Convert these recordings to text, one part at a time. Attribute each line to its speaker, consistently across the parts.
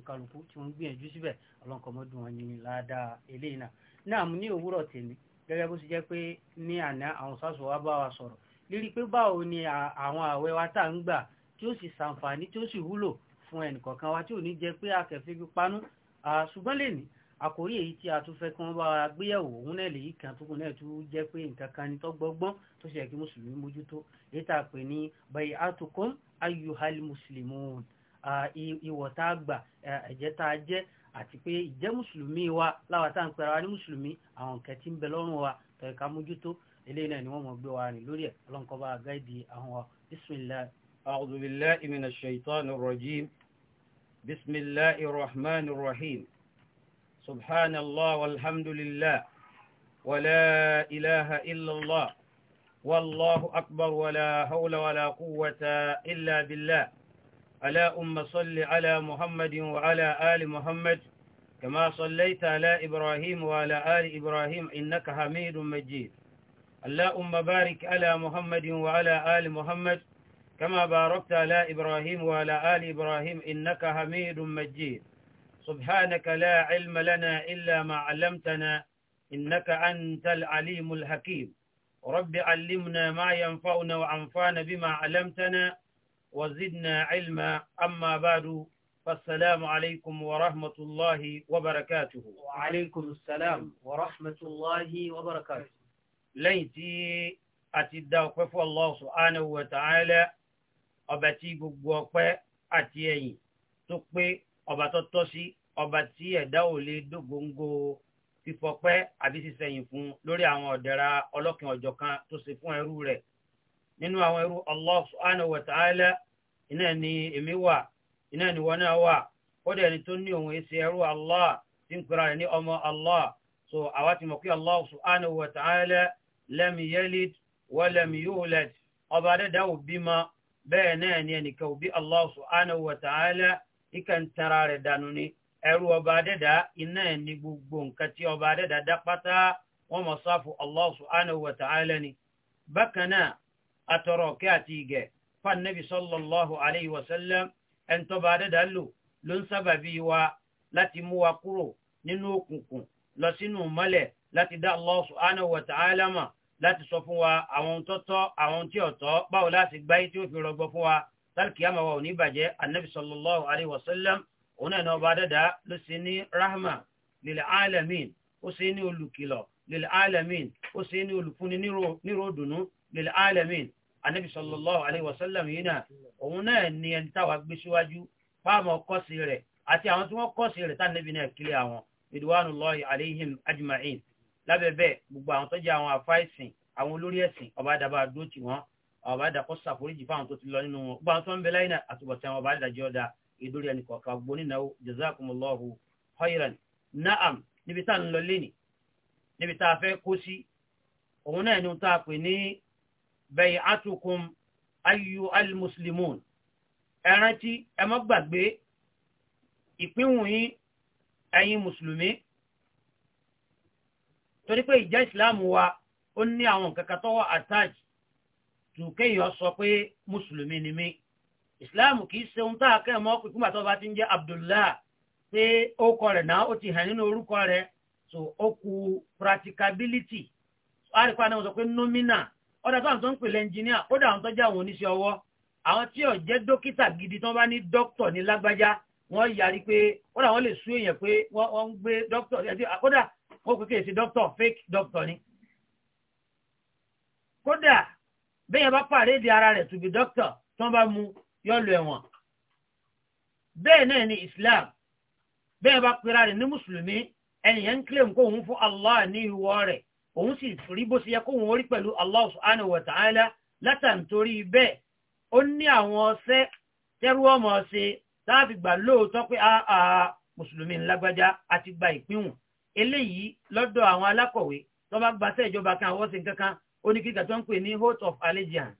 Speaker 1: kálukú tí wọ́n ń gbìyànjú síbẹ̀ ọlọ́nkọ́mọ́dún wọn ní ládàá eléyìí náà náà ní òwúrọ̀ tèmi gẹ́gẹ́ bó ṣe jẹ́ pé ní àná àwọn sásùn wa bá wa sọ̀rọ̀ lérí pé báwo ni àwọn àwẹ̀ wa tá à ń gbà tí ó sì ṣàǹfààní tí ó sì wúlò fún ẹnìkọ̀ọ̀kan wa tí ò ní jẹ́ pé akẹ́fẹ́ fi panú ṣùgbọ́n lè àkórí èyí tí a tún fẹ́ kí wọ́n bá wa gbéyẹ̀wò òun náà lèyí kan tó kù náà tún jẹ́ pé nǹkan kan ní tọ́gbọ́gbọ́n tó ṣe kí mùsùlùmí mójútó èyí tá a pè ní bay'atukum ayyuhal muslimun ìwọ̀ tá a gbà ẹ̀jẹ̀ tá a jẹ́ àti pé ìjẹ́ mùsùlùmí wa láwa tá à ń pera wa ní mùsùlùmí àwọn nǹkan tí ń bẹ lọ́rùn wa tó yẹ ká mójútó eléyìí náà ni wọ́n mọ̀ gbé wa rìn lórí ẹ̀ ọlọ́nkọ́ bá gáìdì àwọn wa bisimilahi. a'udhu billahi ولا shaitanir rajim bismillahir rahmanir rahim أم صل على محمد وعلى آل محمد كما صليت على إبراهيم وعلى آل إبراهيم إنك حميد مجيد اللهم بارك على محمد وعلى آل محمد كما باركت على إبراهيم وعلى آل إبراهيم إنك حميد مجيد سبحانك لا علم لنا إلا ما علمتنا إنك أنت العليم الحكيم رب علمنا ما ينفعنا وعنفعنا بما علمتنا وزدنا علما أما بعد فالسلام عليكم ورحمة الله وبركاته وعليكم السلام ورحمة الله وبركاته ليتي أتدى وقف الله سبحانه وتعالى أبتي بقوة أتيني تقبي أبتتوسي ọba tí ẹ̀dá ò lè dógóńgó fífọpẹ́ àbí sísẹ̀yìn fún lórí àwọn ọ̀dẹ̀ra ọlọ́kìn ọ̀jọ̀kan tó ṣe fún ẹrú rẹ̀ nínú àwọn ẹrú Allah subhanahu wa ta'ala iná ni èmi wà iná ni wọn náà wà kódà ẹni tó ní òun èsì ẹrú Allah tí ń pera rẹ̀ ní ọmọ Allah so àwa ti mọ̀ pé Allah subhanahu wa ta'ala lam yalid wa lam yulad ọba adẹ́dàá ò bímọ bẹ́ẹ̀ náà ni ẹnìkan ò bí Allah subhanahu wa ta'ala tara rẹ̀ dànù ni ẹrú ọba adẹ́dàá iná ni gbogbo nǹkan tí ọba adẹ́dàá dá pátá wọ́n mọ̀ sáfù Allah subhanahu wa ni bákan náà atọrọ kí àti ìgẹ̀ fún anabi sallallahu alayhi wa sallam ẹni tó bá dẹ́dà lò ló ń sábàbí wa láti mú wa kúrò nínú òkùnkùn lọ sínú mọ́lẹ̀ láti dá Allah subhanahu wa ta'ala mọ̀ láti sọ fún wa àwọn tó tọ́ àwọn tí ò tọ́ báwo láti gbáyé tí ó fi rọgbọ fún wa tálkì àmà wa ò ní bàjẹ́ anabi sallallahu alayhi wa sallam òun ẹ̀nà ọba dẹ́dà ló sì ní rahma lil alamin ó sì ní olùkìlọ̀ lil alamin ó sì ní olùfúnni nírò dùnú alamin anabi sallallahu alayhi wa sallam yìí náà òun náà ni ẹni táwa gbé síwájú fáwọn kọ́sì rẹ̀ àti àwọn tí wọ́n kọ́sì rẹ̀ tá anabi náà kílẹ̀ àwọn ridwanullahi alayhim ajma'in lábẹ́bẹ́ gbogbo àwọn tó jẹ́ àwọn afáìsìn àwọn olórí ẹ̀sìn ọba àdàbà àdúró tì wọ́n ọba àdàkọ́ ṣàforíjì fáwọn tó ti lọ nínú wọn gbogbo àwọn tó ń bẹ láyé náà àtúbọ̀tán ọba àdàjọ́ da ìdórí ẹnì kọ̀ọ̀kan gbónínáwó jazakumullahu khairan na'am níbi tá à ń lọ lénìí níbi tá a fẹ́ kó sí òun náà ni tá a pè ní bay'atukum ayyu al-muslimun ẹ rántí ẹ gbàgbé ìpínwùn yín ẹ̀yin mùsùlùmí torí pé ìjẹ́ ìsìláàmù wa ó ní àwọn nǹkan tọ́wọ́ attach tù kéèyàn sọ pé mùsùlùmí ni mí ìsìláàmù kì ṣe ohun tá a mọ́ pípín bá ti ń jẹ́ abdullah pé ó kọ rẹ̀ náà ó ti so ó practicability so sọ pé ọ̀dà táwọn tó ń pèlè ẹnjìníà kódà àwọn tó jẹ́ àwọn oníṣẹ́ ọwọ́ àwọn tí ò jẹ́ dókítà gidi tán bá ní dókítọ̀ ní lágbájá wọ́n yarí pé kódà wọ́n lè sú èèyàn pé wọ́n ń gbé dókítọ̀ kódà wọ́n pè kéèsì dókítọ̀ fake dókítọ̀ ni. kódà bẹ́ẹ̀ bá pàrédì ara rẹ̀ tùbí dókítọ̀ tán bá mu yọ lu ẹ̀wọ̀n. bẹ́ẹ̀ náà ni Islam bẹ́ẹ̀ bá pera rẹ̀ ní mùsùlùmí ẹnìyẹn ń kílèm Allah ní ìwọ òun sì rí bó ṣe yẹ kóhun orí pẹ̀lú Allah subhanahu wa ta'ala látàntorí bẹ́ẹ̀ ó ní àwọn ọṣẹ́ tẹ́rú ọmọ ṣe táàfi gbà lóòótọ́ pé àà mùsùlùmí ńlágbájá àti gba ìpínwùn eléyìí lọ́dọ̀ àwọn alákọ̀wé tó bá gbaṣẹ́ ìjọba kan àwọn kankan ó tó ń pè ní oath of allegiance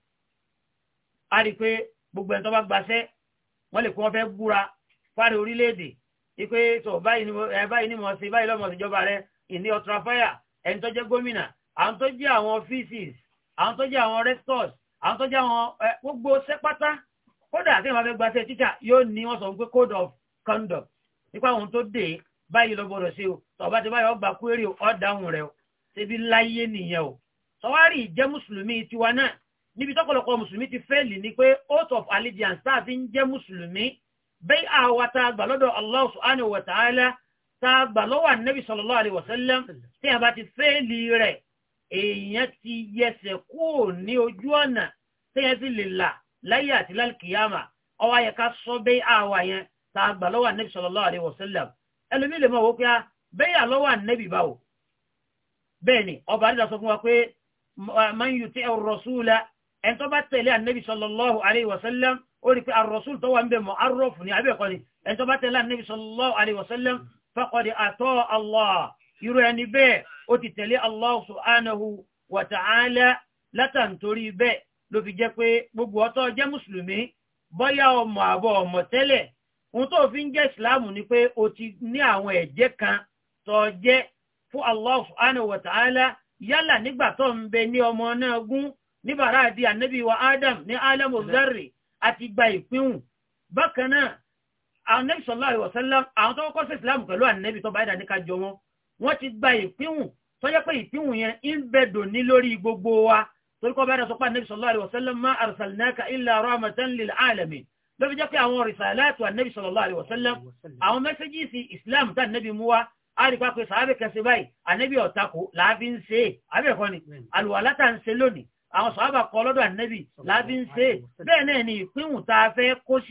Speaker 1: a rí i pé gbogbo ẹ̀ tó bá gbaṣẹ́ wọ́n lè kó wọn fẹ́ búra fáre orílẹ̀-èdè ipe tó báyìí ni mo ṣe báyìí lọ́mọ ṣèjọba rẹ ìní ọ̀tún ẹni tó jẹ́ gómìnà àwọn tó jẹ́ àwọn offices àwọn tó jẹ́ àwọn rectors àwọn tó jẹ́ àwọn gbogbo sẹ́pátá kódà tí wọ́n fẹ́ gbaṣẹ́ yóò ní wọ́n sọ pé code of conduct nípa àwọn tó dé báyìí ló gbọdọ̀ sí o tọ́ba ti báyìí ọgbà kúrèrè ọ̀dáhùn rẹ o ṣebí láyé nìyẹn o sọwárì jẹ́ mùsùlùmí tiwa náà níbi tọ́pọ̀lọpọ̀ mùsùlùmí ti fẹ́ẹ̀lì ni pé oath of allegiance tá a fi ń jẹ́ mùsùlùmí bẹ́ẹ̀ àwa tá lọ́dọ̀ Allah subhanahu wa ta'ala tàbà lọ́wọ́ ànẹ́bì sallallahu alaihi wasallam tí a bá ti fẹ́ẹ̀lì rẹ̀ èèyàn ti yẹsẹ̀ kúrò ní ojú ọ̀nà téèyàn ti lè là láyé àti lálkìyàmà ọwọ́ ayẹ ká sọ bẹ́ẹ̀ àwà yẹn tàbà lọ́wọ́ ànẹ́bì sallallahu alaihi wasallam ẹlòmí lè mọ̀ wó pé ah, bẹ́yà lọ́wọ́ ànẹ́bì báwo bẹ́ẹ̀ ni ọba àdìdà sọ fún wa pé man yuti' ar-rasula ẹni tó bá tẹ̀lé ànẹ́bì sallallahu alaihi wasallam ó rí pé ar tó wà ń bẹ̀ mọ́ arọ́fù ni àbẹ̀kọ́ ni ẹni tó bá tẹ̀lé ànẹ́bì sallallahu alaihi wasallam faqad atọ́ Allah irú ẹni bẹ́ẹ̀ ó ti tẹ̀lé Allah subhanahu wa ta'ala látàntorí bẹ́ẹ̀ ló fi jẹ́ pé gbogbo ọtọ́ jẹ́ mùsùlùmí bọ́yá ọmọ àbọ̀ ọmọ tẹ́lẹ̀ ohun tó fi ń jẹ́ ìsìláàmù ni pé o ti ní àwọn ẹ̀jẹ́ kan tó jẹ́ fún Allah subhanahu wa ta'ala yálà nígbà ń bẹ ní ọmọ náà gún níbàárà di ànábì wa Adam ní alamu zarri àti gba ìpínwù bákan náà àwọn nẹ́bí sọ̀lá ìwọ̀sẹ́lá àwọn tó kọ́kọ́ sí ìsìlámù pẹ̀lú ànẹ́bí tó báyìí dàní kájọ wọn wọ́n ti gba ìpínwùn tó jẹ́ pé ìpínwùn yẹn ń bẹ̀dò ní lórí gbogbo wa torí kọ́ báyìí dàsọ́pá ànẹ́bí sọ̀lá ìwọ̀sẹ́lá má arsalnaka illa rahmatan lil alamin ló fi jẹ́ pé àwọn rìsàlátù ànẹ́bí sọ̀lá ìwọ̀sẹ́lá àwọn mẹ́sẹ́gìsì ìsìlámù tá ànẹ́bí mú wa a rí pápẹ́ sàábẹ̀ kẹsẹ̀ báyìí ànẹ́bí ọ̀tako làábí ń ṣe é àbẹ̀kọ́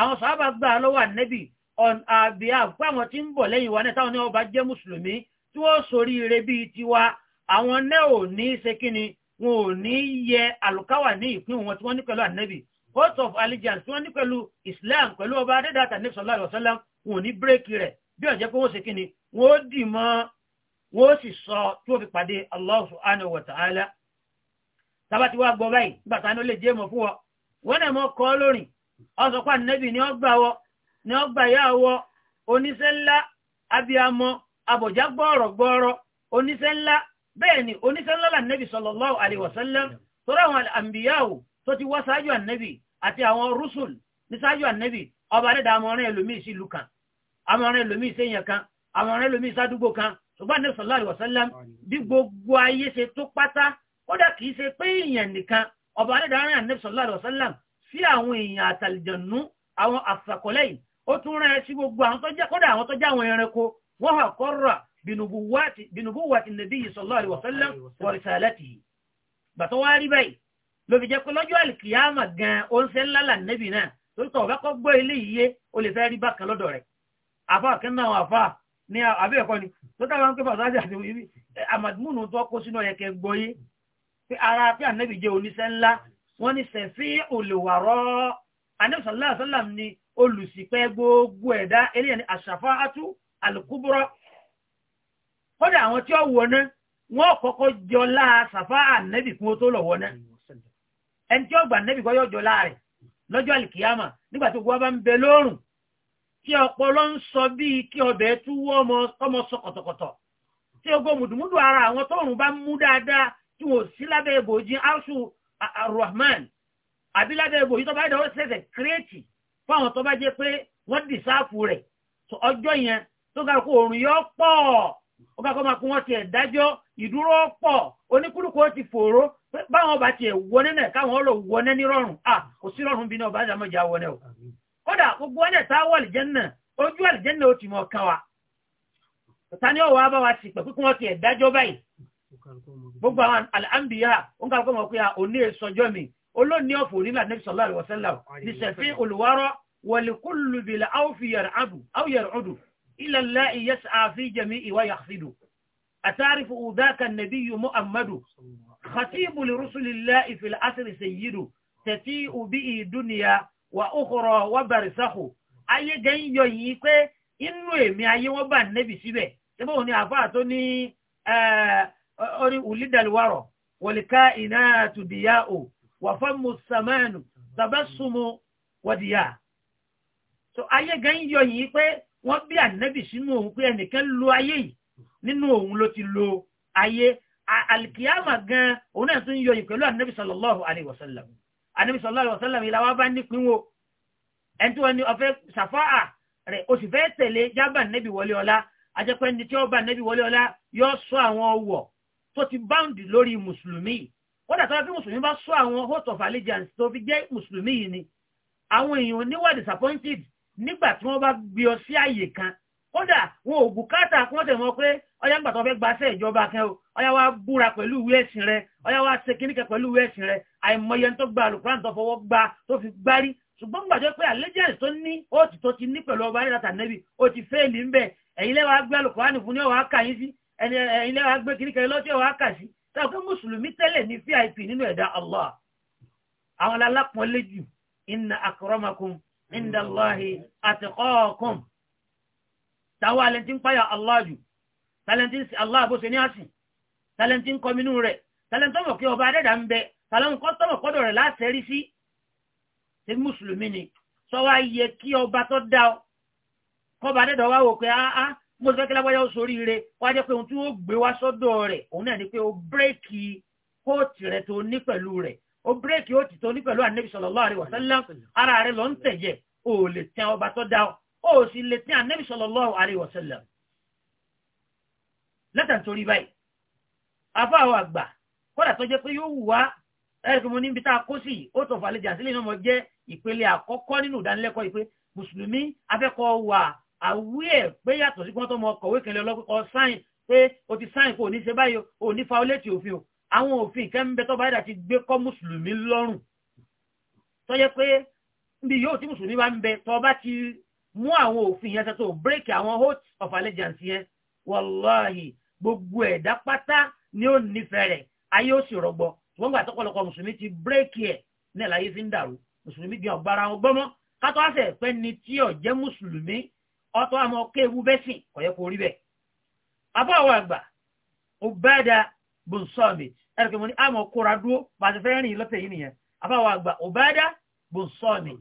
Speaker 1: àwọn sàábà gbà lọ́wọ́ ànẹ́bì on àbíyá uh, pé àwọn tí ń bọ̀ lẹ́yìn wa náà táwọn ní ọba jẹ́ mùsùlùmí tí wọ́n sórí ire bíi tiwa àwọn náà ò ní ṣe kíni wọn ò ní yẹ àlùkáwà ní ìpín wọn tí wọ́n ní pẹ̀lú ànẹ́bì oath of allegiance tí wọ́n ní pẹ̀lú Islam pẹ̀lú ọba adédàtà ní sọlá ìwọ̀sọ́lá wọn ò ní bírèkì rẹ̀ bí ọ̀jẹ́ pé wọ́n ṣe kíni wọ́n ó dì mọ́ wọ́n ó sì sọ tí wọ́n fi pàdé Allah subhanahu wa ta'ala tábàtí wàá ọsọpá nẹ́bì ni ọgbà wọ ni ọgbà yá wọ oníṣẹ́ ńlá abiyamọ abọ̀já gbọ́ọ̀rọ̀ gbọ́ọ̀rọ̀ oníṣẹ́ ńlá bẹ́ẹ̀ ni oníṣẹ́ ńlá là nẹ́bì sallallahu alaihi wasallam torí àwọn àmbíyáwò tó ti wá sáájú ànẹ́bì àti àwọn rúṣùl ní sáájú ànẹ́bì ọba rẹ̀ dàmọ́rin ẹlòmíì sí ìlú kan àmọ́rin ẹlòmíì sí èèyàn kan àmọ́rin ẹlòmíì sádúgbò kan ṣùgbọ́n ànẹ́bì sallallahu alaihi bí gbogbo ayé ṣe tó pátá kódà kìí ṣe pé èèyàn nìkan ọba rẹ̀ dàmọ́rin ànẹ́bì sallallahu alaihi sí àwọn èèyàn àtàlìjànú àwọn àsàkọ́lẹ́yìn ó tún rán ẹ sí gbogbo àwọn tó jẹ́ kódà àwọn tó jẹ́ àwọn ẹranko wọ́n hà kọ́ra binubuwati nabiyyi sallallahu alaihi wasallam wa risalatihi bàtọ́ wá rí báyìí ló fi jẹ́ pé lọ́jọ́ àlìkìyàmà gan ó ń sẹ́ ńlá là nẹ́bì náà tó tọ̀ ọ̀gá kọ́ gbọ́ ilé yìí yé o lè fẹ́ rí bákan lọ́dọ̀ rẹ̀ àfa kan àfa ní àbẹ́ ẹ̀kọ́ ni tó dábàá ń pè fàtà àti àmàdùmùnù tó kó sínú ọ̀yẹ̀kẹ́ gbọ́ yé pé ara pé ànẹ́bì jẹ́ oníṣẹ́ ńlá wọ́n ní sẹ̀fí olùwàrọ̀ anẹ́sọ̀lá sọ́làm ni olùsìpẹ́ gbogbo ẹ̀dá eléyàn ní àṣàfà átú àlùkúbúrọ̀ kódà àwọn tí ó wọná wọ́n kọ́kọ́ jọlá sàfà ànẹ́bì fún tó lọ wọná ẹni tí ó gbà ànẹ́bì kọ́ yóò jọlá rẹ̀ lọ́jọ́ àlìkìyàmà nígbà tó gbọ́ bá ń bẹ lórùn tí ọpọlọ ń sọ bíi kí ọbẹ̀ tú ọmọ sọ arrahman abilada ego yìí tó bá dẹ̀ ó ṣẹ̀ṣẹ̀ kírẹ́ẹ̀tì fún àwọn tó bá jẹ́ pé wọ́n dì sáàfù rẹ̀ ọjọ́ yẹn tó ga kó oòrùn yọ pọ̀ ó ga kó máa kó wọ́n ti ẹ̀ dájọ́ ìdúró pọ̀ oníkúlùkù ó ti fòró báwọn bá ti ẹ̀ wọnẹ́ náà káwọn lọ wọnẹ́ ní rọrùn à kò sí rọrùn bí náà bá dàmọ́ jà wọnẹ́ o kódà gbogbo ọ̀nẹ́ tá wọ̀ àlìjẹ́nà ojú àlìjẹ́nà ó ti mọ̀ kan wa tani ọ̀wọ́ abáwa sì pẹ̀ pé kí wọ́n ti ẹ̀ dájọ́ báyìí gbogbo àwọn alhambiya òǹkàlùkọ́ mọ̀ pé òní èsọjọ́ mi olóòní ọ̀fọ̀ onílà nẹ́bí sọ̀lá rẹ̀ wọ̀sẹ́lá nìṣẹ̀fín olùwárọ̀ wọ̀lẹ̀kùnlùbìlà áwùyẹ̀rẹ̀ ọdún ilẹ̀ ńlá ìyẹ́sà àfi jẹ̀mí ìwà yàfidù àtàrífù ùdáka nàbí yìí muhammadu khatibu lirusulillah ìfìlà asiri sèyidu tẹ̀tí ubi ìdúnìyà wà ókòrò wà bàrìsàkù ayé gẹ́yìn yọ yìí pé inú èmi ayé wọ́n bá nẹ́bì síbẹ̀ ṣé bóun ni àfáà ní ẹ̀ẹ́ orí ulidalwaro wọ̀lìká iná àtùdíyá o wàfọ́mù sàmánù tàbásùmù wọ̀dìyá. so ayé gan yọ yìí pé wọ́n bí ànábì sínú òun pé ẹnìkan lo ayé yìí nínú òun ló ti lo ayé alkiyama gan òun náà tún yọ yìí pẹ̀lú ànábì sallallahu alayhi wa ànábì sallallahu alayhi ìlà wa bá nípìn wo ẹni tí wọ́n ní ọ̀fẹ́ sàfáà rẹ̀ o sì fẹ́ tẹ̀lé jábà ànábì wọlé ọlá ajẹ́pẹ́ ní tí ó bá ànábì wọlé ọlá yóò sọ àwọn ọwọ́ tó ti báǹdì lórí mùsùlùmí yìí wọ́n dàtọ́ kí mùsùlùmí bá sọ àwọn host of allegiance tó fi jẹ́ mùsùlùmí yìí ni àwọn èèyàn níwà disappointed nígbà tí wọ́n bá gbé ọ sí àyè kan kódà wọn ò bùkátà kí wọ́n tẹ̀ mọ́ pé ọyá ńgbà tó fẹ́ gbaṣẹ́ ìjọba kan o ọyá wa búra pẹ̀lú ìwé ẹ̀sìn rẹ ọyá wa ṣe kíníkẹ pẹ̀lú ìwé ẹ̀sìn rẹ àìmọye tó gba alukuran tó fọwọ́ gba tó fi gbárí ṣùgbọ́n gbàjọ pé allegiance tó ní ó ti tó ti ní pẹ̀lú ọba ayélujára tàbí ó ti fẹ́ẹ̀lì ńbẹ ẹ̀yin lẹ́wàá gbé alukuran fún ní ọ̀wá kàyín sí ẹni ilé wa gbé kiri kẹrin lọ́jọ́ wa kà sí táwọn pé mùsùlùmí tẹ́lẹ̀ ní vip nínú ẹ̀dá allah àwọn alápọ̀nlé jù inna akramakum inda allahi atqakum táwọn alẹ́ntì ń páyà allah jù tálẹ́ntì ń sin allah bó ṣe ní àsìn tálẹ́ntì ń kọminú rẹ̀ tálẹ́ntì ọmọ kí ọba adẹ́dà ń bẹ tálẹ́ntì tọmọ kọ́dọ̀ rẹ̀ látẹ̀rí sí ṣe mo sọ kí lágbájá ó sórí ire wá jẹ́ pé ohun tí ó gbé wá sọ́dọ̀ rẹ̀ òun náà ni pé ó bírèkì kóòtù rẹ̀ tó ní pẹ̀lú rẹ̀ ó bírèkì ó ti tó ní pẹ̀lú ànábì sallallahu alaihi wasallam ara rẹ̀ lọ ń tẹ̀jẹ̀ ó lè tẹ́ ọba tó dá ó sì lè tẹ́ ànábì sallallahu alaihi wasallam lẹ́tà torí báyìí afọ àwọn àgbà kódà tó jẹ́ pé yóò wù wá ẹ̀rọ mo níbi tá a kó sí ó tọ̀ fàlejò àtìlẹ́yìn náà mọ̀ jẹ́ ìpele àkọ́kọ́ nínú ìdánilẹ́kọ̀ọ́ ìpè mùsùlùmí afẹ́kọ̀ọ́ wà àwí ẹ̀ pé yàtọ̀ sí pọ́n tó mọ kọ̀wé kẹlẹ́ ọlọ́pẹ́kọ sáìn pé o ti sáìn kó o ní ṣe báyìí o ní fa olétí òfin o àwọn òfin kẹ́ ń bẹ tọ́ba ẹ̀dá ti gbé kọ́ mùsùlùmí lọ́rùn tó yẹ pé níbi yóò tí mùsùlùmí bá ń bẹ tọ́ba ti mú àwọn òfin yẹn sẹ́tọ̀ bírèkì àwọn hot of allegiance yẹn wàláhì gbogbo ẹ̀dá pátá ni ó nífẹ̀ẹ́ rẹ̀ ayé ó sì rọgbọ ṣùgbọ́n gbà tọ́pọ̀lọpọ̀ mùsùlùmí ti bírèkì ẹ̀ ní ẹ̀láyé fi ń dàrú mùsùlùmí gbìyànjú ọ̀tọ̀ àmọ́ kéwu bẹ́sìn kò yẹ kó rí bẹ́ẹ̀ abọ́ àwọn àgbà Ubada bun Samit ẹ̀rọ kí mo ní àmọ́ kóra dúró bá a rìn lọ́tẹ̀ yìí nìyẹn abọ́ àwọn àgbà Ubada bun Samit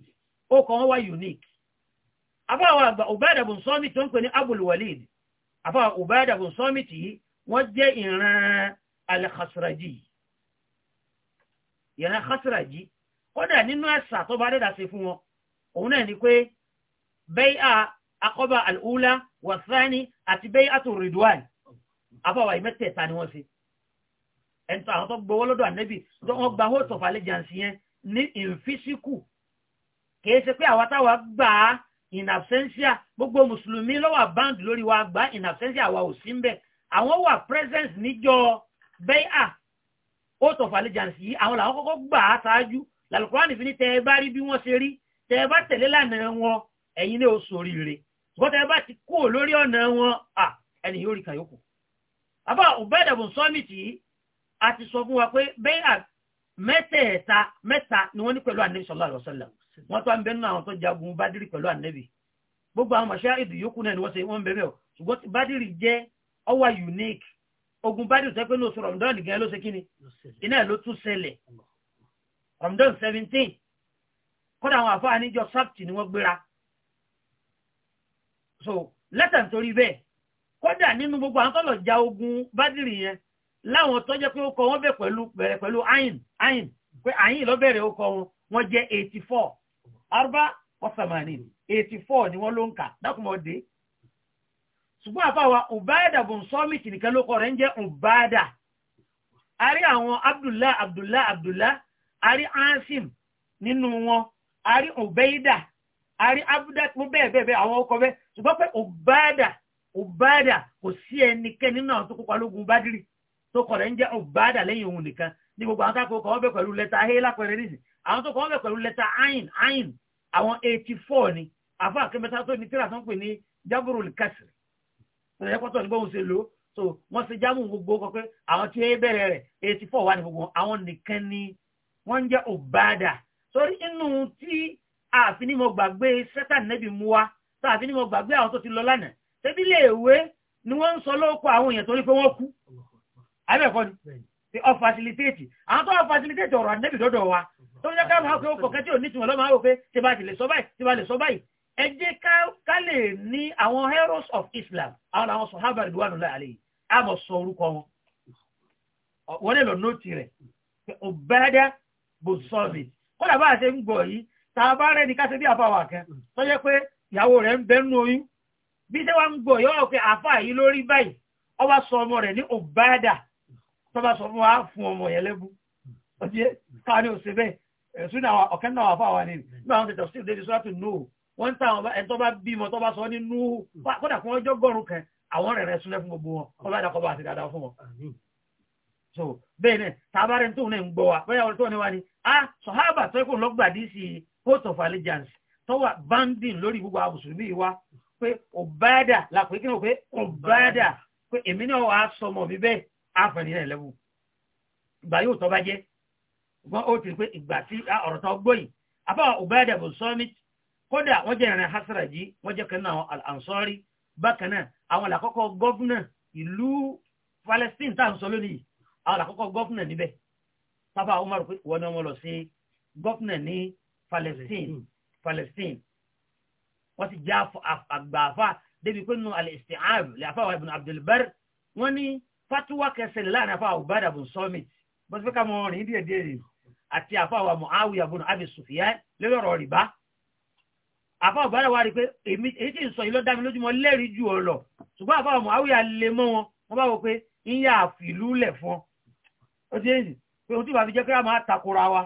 Speaker 1: ó kọ́ wọn wá unique abọ́ àwọn àgbà Ubada bun Samit tó ń pè ní Abul Walid abọ́ Ubada bun Samit yìí wọ́n jẹ́ ìran al-Khazraji ìran Khazraji kódà nínú ẹ̀sà tó bá dẹ́dà sí fún wọn òun náà ni pé bẹ́ẹ̀ akọ́bà àlùúlà wàsáni àti bẹ́ẹ̀ àtòrìdùwàn afọwà ìmẹ́tẹ̀ẹ̀ta ni wọ́n ṣe ẹ̀ntọ́ àwọn tó gbowó lọ́dọ̀ ànẹ́bì tó wọ́n gba host of allegiance yẹn ní in kìí ṣe pé àwa táwa gbà á in absentia gbogbo mùsùlùmí lọ́wọ́ band lórí wa gbà in absentia àwa ò sí ń bẹ̀ àwọn wà present níjọ bẹ́ẹ̀ à host of allegiance yìí àwọn làwọn kọ́kọ́ gbà á ṣáájú làlùkùránì fi ní tẹ́ bá rí bí wọ́n ṣe rí tẹ́ bá tẹ̀lé lánàá wọn ẹ̀yin ní oṣù oríire bọ́tẹ̀ bá ti kú lórí ọ̀nà wọn ẹni yóò rí kàyókù. àbá òbẹ́dẹ̀bùn sọ́mìtì a ti sọ fún wa pé bẹ́ẹ̀ mẹ́tẹ̀ẹ̀ta mẹ́ta ni wọ́n ní pẹ̀lú ànẹ́bí sallallahu alaihi wasallam wọ́n tó ń bẹ nínú àwọn tó jagun bádìrì pẹ̀lú ànẹ́bí gbogbo àwọn màṣẹ́ ìdù yòókù náà ni wọ́n ṣe wọ́n ń bẹ̀rẹ̀ o ṣùgbọ́n ti bádìrì jẹ́ ọwà unique ogun bádìrì sọ pé ní oṣù rọ̀mdọ́ọ̀nì gan ló ṣe kí ni iná ló tún ṣẹlẹ̀ rọ̀mdọ́ọ̀n seventeen kódà àwọn àfọ àníjọ sábtì ni wọ́n gbéra so lẹ́tà nítorí bẹ́ẹ̀ kódà nínú gbogbo àwọn tọ́lọ̀ ja ogun bádìrì yẹn láwọn tó jẹ́ pé ó kọ wọ́n bẹ̀ pẹ̀lú bẹ̀rẹ̀ pẹ̀lú ayin ayin pé ayin lọ bẹ̀rẹ̀ ó kọ wọn wọ́n jẹ́ eighty four arba ọ̀sàmánì eighty four ni wọ́n ló ń kà dákùmọ̀ dé ṣùgbọ́n àfàwà ubada bùn sọ́mìtì nìkan ló kọ rẹ̀ ń jẹ́ ubada a rí àwọn abdullah abdullah abdullah a rí ansim nínú wọn a rí ubeida a rí abdullah bẹ́ẹ̀ bẹ́ẹ̀ bẹ́ẹ̀ àwọn ọkọ̀ bẹ́ẹ̀ ṣùgbọ́n pé ọ̀bádà ọ̀bádà kò sí ẹnikẹ́ni nínú àwọn tó kópa lógun bádìrì tó kọ̀ rẹ̀ ń jẹ́ ọ̀bádà lẹ́yìn òun nìkan ní gbogbo àwọn táko kọ̀ wọ́n pẹ̀lú lẹ́tà a lápẹ̀rẹ̀ nìyí àwọn tó kọ̀ pẹ̀lú lẹ́tà ayin ayin àwọn eighty four ni àfọ àkẹ́mẹ́ta tó ní tíra tó ń pè ní jábúrò kásìrì ẹ̀rẹ́pọ̀tọ̀ ní bóun ṣe lò so wọ́n ṣe jámù gbogbo kọ pé àwọn tí ẹ bẹ̀rẹ̀ rẹ̀ eighty four wà ní gbogbo àwọn nìkan ni wọ́n ń jẹ́ ọ̀bádà sórí inú tí àfinimọ̀ gbàgbé sẹ́tà nẹ́bì mú wa sáàfin ni mo gbàgbé àwọn tó ti lọ lánàá ṣebí ilé ìwé ni wọ́n ń sọ lóko àwọn èèyàn torí pé wọ́n kú abẹ́ẹ̀kọ́ ni ọ facilitate àwọn tó wà facilitate ọ̀rọ̀ àdébì dọ́dọ̀ wa tó ń jẹ́ ká máa pé ó kọ̀kẹ́ tí ò ní tiwọn lọ́mọ àwọn òfé tí ba ti lè sọ báyìí tí ba lè sọ báyìí ẹ jẹ́ ká lè ní àwọn heroes of Islam àwọn làwọn sọ̀hábà ìdúwànú láàlẹ́ yìí á mọ̀ sọ orúkọ wọn wọ́n lè lọ nóòtì rẹ̀ ọ̀bẹ́dá bò sọ́ọ̀bì kódà bá a ṣe ń gbọ̀ yìí tàbá rẹ̀ ní ká ṣe bí àfàwà kan tó yẹ pé ìyàwó rẹ̀ ń bẹ́nu oyún bí ṣe wá ń gbọ́ yọ́ ọ̀pẹ àfà yìí lórí báyìí ọba sọ ọmọ rẹ̀ ní òbáàdà tọ́ba sọ fún wa fún ọmọ yẹn lẹ́bù ọjẹ́ káà ní òṣè bẹ́ẹ̀ ẹ̀sùn náà ọ̀kẹ́ náà wà fún àwọn ènìyàn nígbà wọn ti tẹ̀sí ìdẹ́ni sọ́tù nù wọ́n ń ta ẹni tọ́ba bímọ tọ́ba sọ ní kódà fún ọjọ́ gọ́rùn kan àwọn rẹ̀ rẹ̀ súnlẹ̀ fún gbogbo wọn ọba àdàkọ́ba àti dáadáa fún wọn. so bẹ́ẹ̀ náà tábàárẹ̀ tó ń gbọ́ wa bẹ́ẹ̀ ọ̀rẹ́ tó ń wá ni ah sọ̀hábà tó ń lọ́gbàdì sí host of allegiance tó wà banding lórí gbogbo àwọn mùsùlùmí wa pé ọ̀bádà làpẹ́ kí ni o pé ọ̀bádà pé èmi náà wà á sọmọ mi bẹ́ẹ̀ àfẹ̀ní náà lẹ́wù ìgbà yóò tọ́ bá jẹ́ ṣùgbọ́n ó ti pé ìgbà tí ọ̀rọ̀ tó gbóyìn àbá ọ̀bádà bò sọ́mìt kódà wọ́n jẹ́ ìrìn hasaraji wọ́n jẹ́ kan ansọ́rí bákan náà àwọn làkọ́kọ́ gọ́fúnà ìlú Palestine tá à ń sọ lónìí àwọn làkọ́kọ́ gọ́fúnà níbẹ̀ pápá Umar pé wọ́n náà wọ́n lọ sí gọ́fúnà ní Palestine Palestine wọ́n ti já àgbààfà débi pé nínú al-isti'ab lè àfà ibn Abdul Barr wọ́n ní fatuwa kẹsẹ̀lẹ̀ láàrin àfà Ubadah ibn Samit bó ti fẹ́ ká mọ rìn díẹ̀ díẹ̀ rìn àti àfà wa Mu'awiyah ibn Abi Sufyan lórí ọ̀rọ̀ rìbá àfà Ubadah wa rí pé èyí tí ń sọ yìí ló dá mi lójúmọ́ lẹ́rìí ju ọ lọ ṣùgbọ́n àfà Mu'awiyah lè mọ́ wọn wọ́n bá wọ pé ń yà àfìlú lẹ̀ fún ọ ó ti èyí pé ohun tí bàbá jẹ́ pé a máa takora wa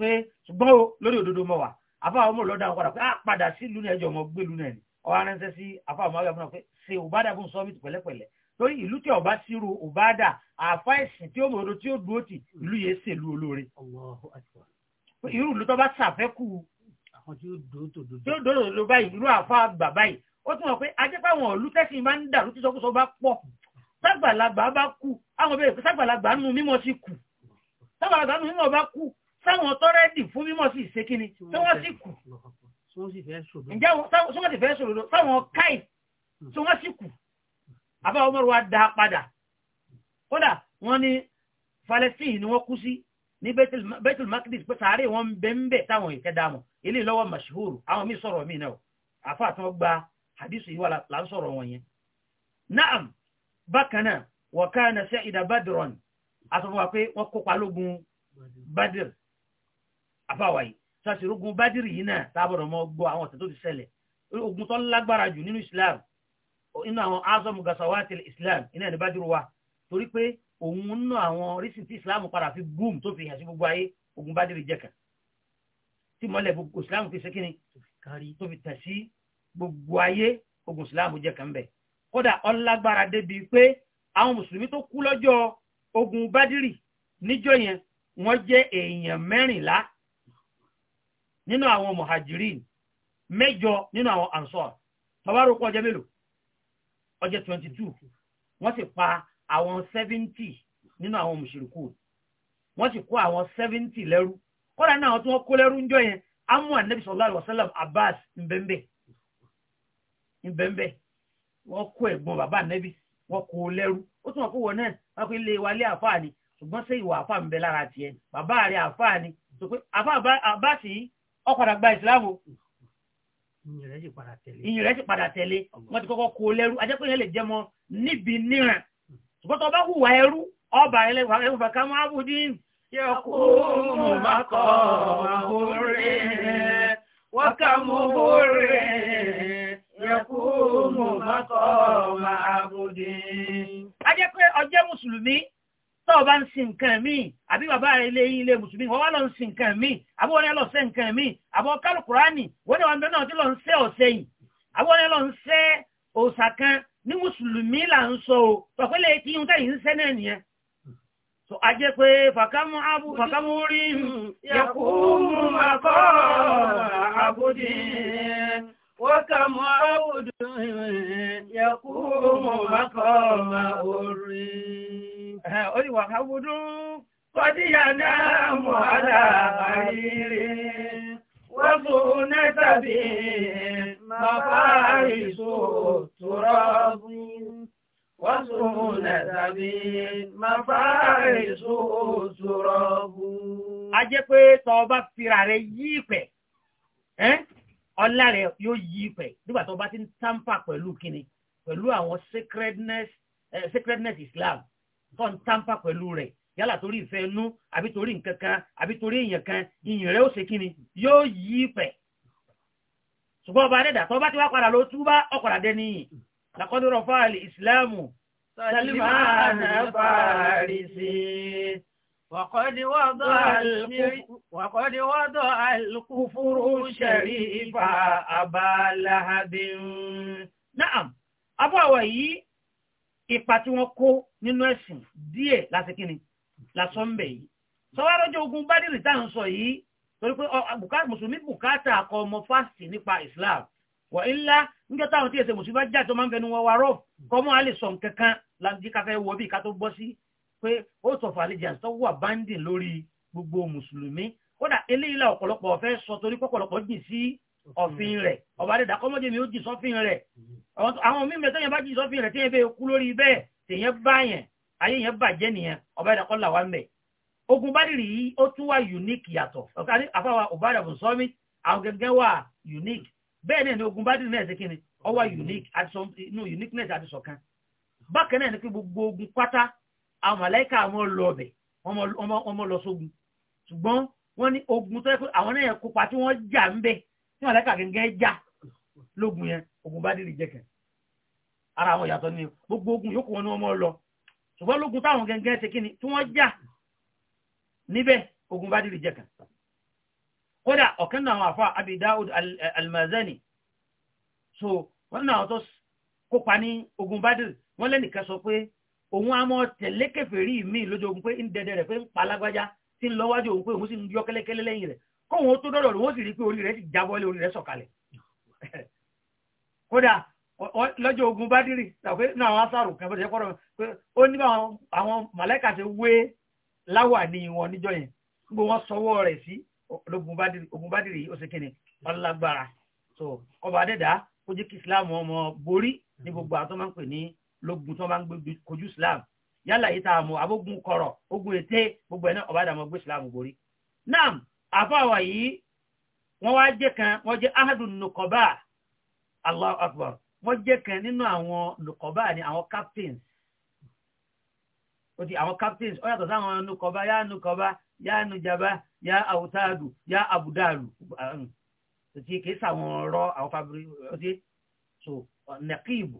Speaker 1: pé ṣùgbọ́n o lórí òdodo mọ̀ wá àfáà ọmọ lọ́dọ̀ àwọn padà pé á ah, padà sí ìlú náà ẹjọ́ ọmọ gbé ìlú náà ni ọwọ́ aránṣẹ́ sí àfáà ọmọ àgbà fún wa pé ṣe òbádà fún sọ́mìtì pẹ̀lẹ́pẹ̀lẹ́ torí ìlú tí ọba síru òbádà àfa ẹ̀sìn tí ó mọ̀ọ́dọ̀ tí ó dúró tì ìlú yẹn ṣèlú olóore. irú ìlú tó bá ṣàfẹ́kù tí ó dòdò ló báyìí irú àfa àgbà báyìí ó tún mọ̀ pé ajẹ́pàwọn ìlú tẹ́sìn máa ń dàrú tí sọkúsọ bá pọ̀ sàgbàlagbà bá kú àwọn bẹ̀rẹ̀ pé sàgbàlagbà nù mímọ́ sí kù sàgbàlagbà nù mímọ́ bá kú sáwọn tọ́rẹ́dì fún mímọ̀ sí ìṣekíni tí wọ́n sì kù ǹjẹ́ wọ́n ti fẹ́ sòrò sáwọn káì tí wọ́n sì kù àbá Umar wa dá padà kódà wọ́n ní Palestine ni wọ́n kú sí ní Baitul Maqdis pé sàárè wọn bẹ́ẹ̀ táwọn ìkẹ́dà mọ̀ ilé lọ́wọ́ mashhur àwọn míì sọ̀rọ̀ míì náà àfa àtàn gba hadith yìí wà là ń sọ̀rọ̀ wọn yẹn. Naam bákan náà wa kana Sa'ida Badran àtọ̀fọ̀ wà pé wọ́n kópa lógun Badr àfàwà yìí sọ́sìrì ogun bádìrì yìí náà tábọ̀rọ̀ mọ́ gbọ́ àwọn ọ̀tẹ̀ tó ti ṣẹlẹ̀ ogun tó lágbára jù nínú islam inú àwọn azọ́mù gasawati islam iná ẹni bádìrì wa torí pé òun nú àwọn orísìn tí islam padà fi boom tó fi hàn sí gbogbo ayé ogun bádìrì jẹ́ kan tí mọ́lẹ̀ islam fi ṣe kíni tó fi tẹ̀ sí gbogbo ayé ogun islam jẹ́ kan bẹ̀ kódà ọlágbára débi pé àwọn mùsùlùmí tó kú lọ́jọ́ ogun bádìrì níjọ́ yẹn wọ́n jẹ́ èèyàn mẹ́rìnlá nínú àwọn muhajirin mẹ́jọ nínú àwọn ansar tọ́wárò kọ́ mélòó 22 twenty sì pa àwọn 70 nínú àwọn mùsùlùkù wọn sì kó àwọn 70 lẹ́rú kọ́ra náà tí wọ́n kó lẹ́rú ń jọ yẹn abbas mbembe mbembe wọ́n kó ẹ̀gbọ́n bàbá anabi wọ́n kó lẹ́rú ó tún wọ́n kó náà wọ́n kó ilé wa lé àfáà ni ṣùgbọ́n sẹ́yìn àfáà lára tiẹ̀ ọ padà gba ìsìláàmù ìyìn rẹ̀ sì padà tẹ̀lé wọ́n ti kọ́kọ́ kó lẹ́rú ajẹ́pẹ́ yẹn lè jẹ́ mọ́ níbi níran hmm. ṣùgbọ́n tó bá hùwà ẹrú ọba ẹlẹ́wà ẹwùfà ká máa bù dín yẹ kó mú makọ́ àhórí wọ́n ká mú hórí yẹ kó mú makọ́ àhórí. ajẹ́pẹ́ ọjẹ́ mùsùlùmí tó o bá ń sin nǹkan míì àbí bàbá rẹ ilé yín ilé mùsùlùmí wọ́n wá lọ ń sin nǹkan míì àbí wọ́n ní lọ sẹ́ nǹkan míì àbí ọkàlù kùránì wọ́n ní wọn bẹ́ẹ̀ náà tí lọ ń sẹ́ ọ̀sẹ̀ yìí àbí wọ́n ní lọ ń sẹ́ òòṣà kan ní mùsùlùmí là ń sọ o tọ̀pẹ́lẹ̀ kí n tẹ̀yìn sẹ́ náà nìyẹn. tó a jẹ́ pé fàkámú abu fàkámú rí yẹ̀kú akọ́ àbúdí wọ́kàmú àwùdù yẹ̀kú akọ́ àbúdí ó ní wà ábúdú kọ́díyà náà mọ̀ aláàbáyírí wọ́n fún nẹ́tàbí mafáàrísò tùrọ́bù wọ́n fún nẹ́tàbí mafáàrísò tùrọ́bù. a jẹ́ pé tọ́ fira rẹ̀ yí ìpẹ́ ọlá rẹ̀ yóò yí ìpẹ́ nígbà tó bá ti ń tàǹpà pẹ̀lú kíni pẹ̀lú àwọn sacredness, eh, sacredness Islam tó ń tàǹpà pẹ̀lú rẹ̀ yálà torí ìfẹ́ inú àbí torí nǹkan kan àbí torí èèyàn kan ìyìn rẹ̀ ó ṣe kí ni yóò yí pẹ̀ ṣùgbọ́n ọba adẹ́dà tó bá ti wá padà ló túbá ọkọ̀lá dé níyìn lakọ́dúnrọ̀ fáàlì ìsìláàmù salimaana farisi wàkọ́dí wọ́dọ̀ alkúfúrú ṣẹ̀rí ipa abalahabin. Na'am, abọ́wọ̀ yìí ipa tí wọ́n kó nínú ẹ̀sìn díẹ̀ láti kíni lásán ń bẹ̀ yìí sọwárọ́jọ́ ogun bádìrì tá à ń sọ yìí torí pé mùsùlùmí bùkátà akọ ọmọ fásitì nípa Islam wọ̀ ńlá níjọ́ táwọn tí èsè mùsùlùmí bá jà tó máa ń fẹnu wọn wá rọ̀ kọ́mọ́ á lè sọ nǹkan kan láti ká fẹ́ wọ bí ká tó bọ́ sí pé ó sọ fàlejò tó wà báńdì lórí gbogbo mùsùlùmí kódà eléyìí la ọ̀pọ̀lọpọ̀ fẹ́ sọ torí pọ̀pọ̀lọpọ̀ jìn sí ọ̀fin rẹ̀ ọba dẹ̀dà kọ́mọ́dé mi ó jì sọ́fin rẹ̀ àwọn mímu ẹ̀ tẹ́yìn bá jì sọ́fin rẹ̀ tẹ́yìn bẹ́ẹ̀ kú lórí bẹ́ẹ̀ tẹ́yìn bá yẹn ayé yẹn bàjẹ́ nìyẹn ọba dẹ̀dà kọ́ là wá mẹ́ ogun Bádìrì yìí ó tún wà unique yàtọ̀ àfàwà ọ̀bàdà bùn sọ́mi àwọn gẹ́gẹ́ wà unique bẹ́ẹ̀ náà ni ogun Bádìrì náà ṣe kí ni ó unique àti sọ inú uniqueness àti sọ̀kan bákan náà ni pé gbogbo ogun pátá àwọn màláìka àwọn lọ ọbẹ̀ wọ́n mọ lọ sógun ṣùgbọ́n wọ́n ní ogun pé ní àlẹ́kà gẹ́gẹ́ já lógun yẹn ogun bá dìrì jẹ́kẹ̀ ara àwọn ìyàtọ̀ ni gbogbo ogun yóò kó wọn ní ọmọ lọ ṣùgbọ́n lógun táwọn gẹ́gẹ́ ṣe kíni tí wọ́n já níbẹ̀ ogun bá dìrì jẹ́kẹ̀ kódà ọ̀kan àwọn àfa Abi Daud al-Mazani so wọ́n náà tó kópa ní ogun bá dìrì wọ́n lẹ́nìkan sọ pé òun á mọ tẹ̀lé kèfèrí mi lójú ogun pé ń dẹdẹ rẹ̀ pé ń pa tí ń lọ́wájú òun pé òun sì ń yọ́ kẹ́lẹ́kẹ́lẹ́ lẹ́yìn rẹ̀ kóhun tó dọ́dọ̀ rẹ̀ wọ́n sì rí pé orí rẹ̀ ti jábọ́lé orí rẹ̀ sọ̀kalẹ̀ kódà lọ́jọ́ ogun bádìrì tàbí náà àwọn asàrò kan bọ́dọ̀ kọ́rọ̀ pé ó ní àwọn màlẹ́kà ti wé láwà ní wọn níjọ́ yẹn gbogbo wọn sọwọ́ rẹ̀ sí ogun bádìrì ó sì kíni ọlágbára so ọba adẹ́dá kó jẹ́ kí islam ọmọ borí ní gbogbo àwọn tó máa ń pè ní lógun tó máa ń kojú islam yálà yìí tá a mọ abógun kọ̀rọ̀ ogun ète gbogbo ẹ̀ náà ọba adàmọ́ gbé islam borí. naam àfáwà yìí wọ́n wá jẹ́ kan wọ́n jẹ́ ahadun nukọba Allahu Akbar wọ́n jẹ́ kan nínú àwọn nukọba ni àwọn captains oti àwọn captains ó yàtọ̀ sáwọn nukọba yá nukọba yá nujaba yá awutadu yá abudalu oti kìí sàwọn ọ̀rọ̀ àwọn fabri oti so nakibu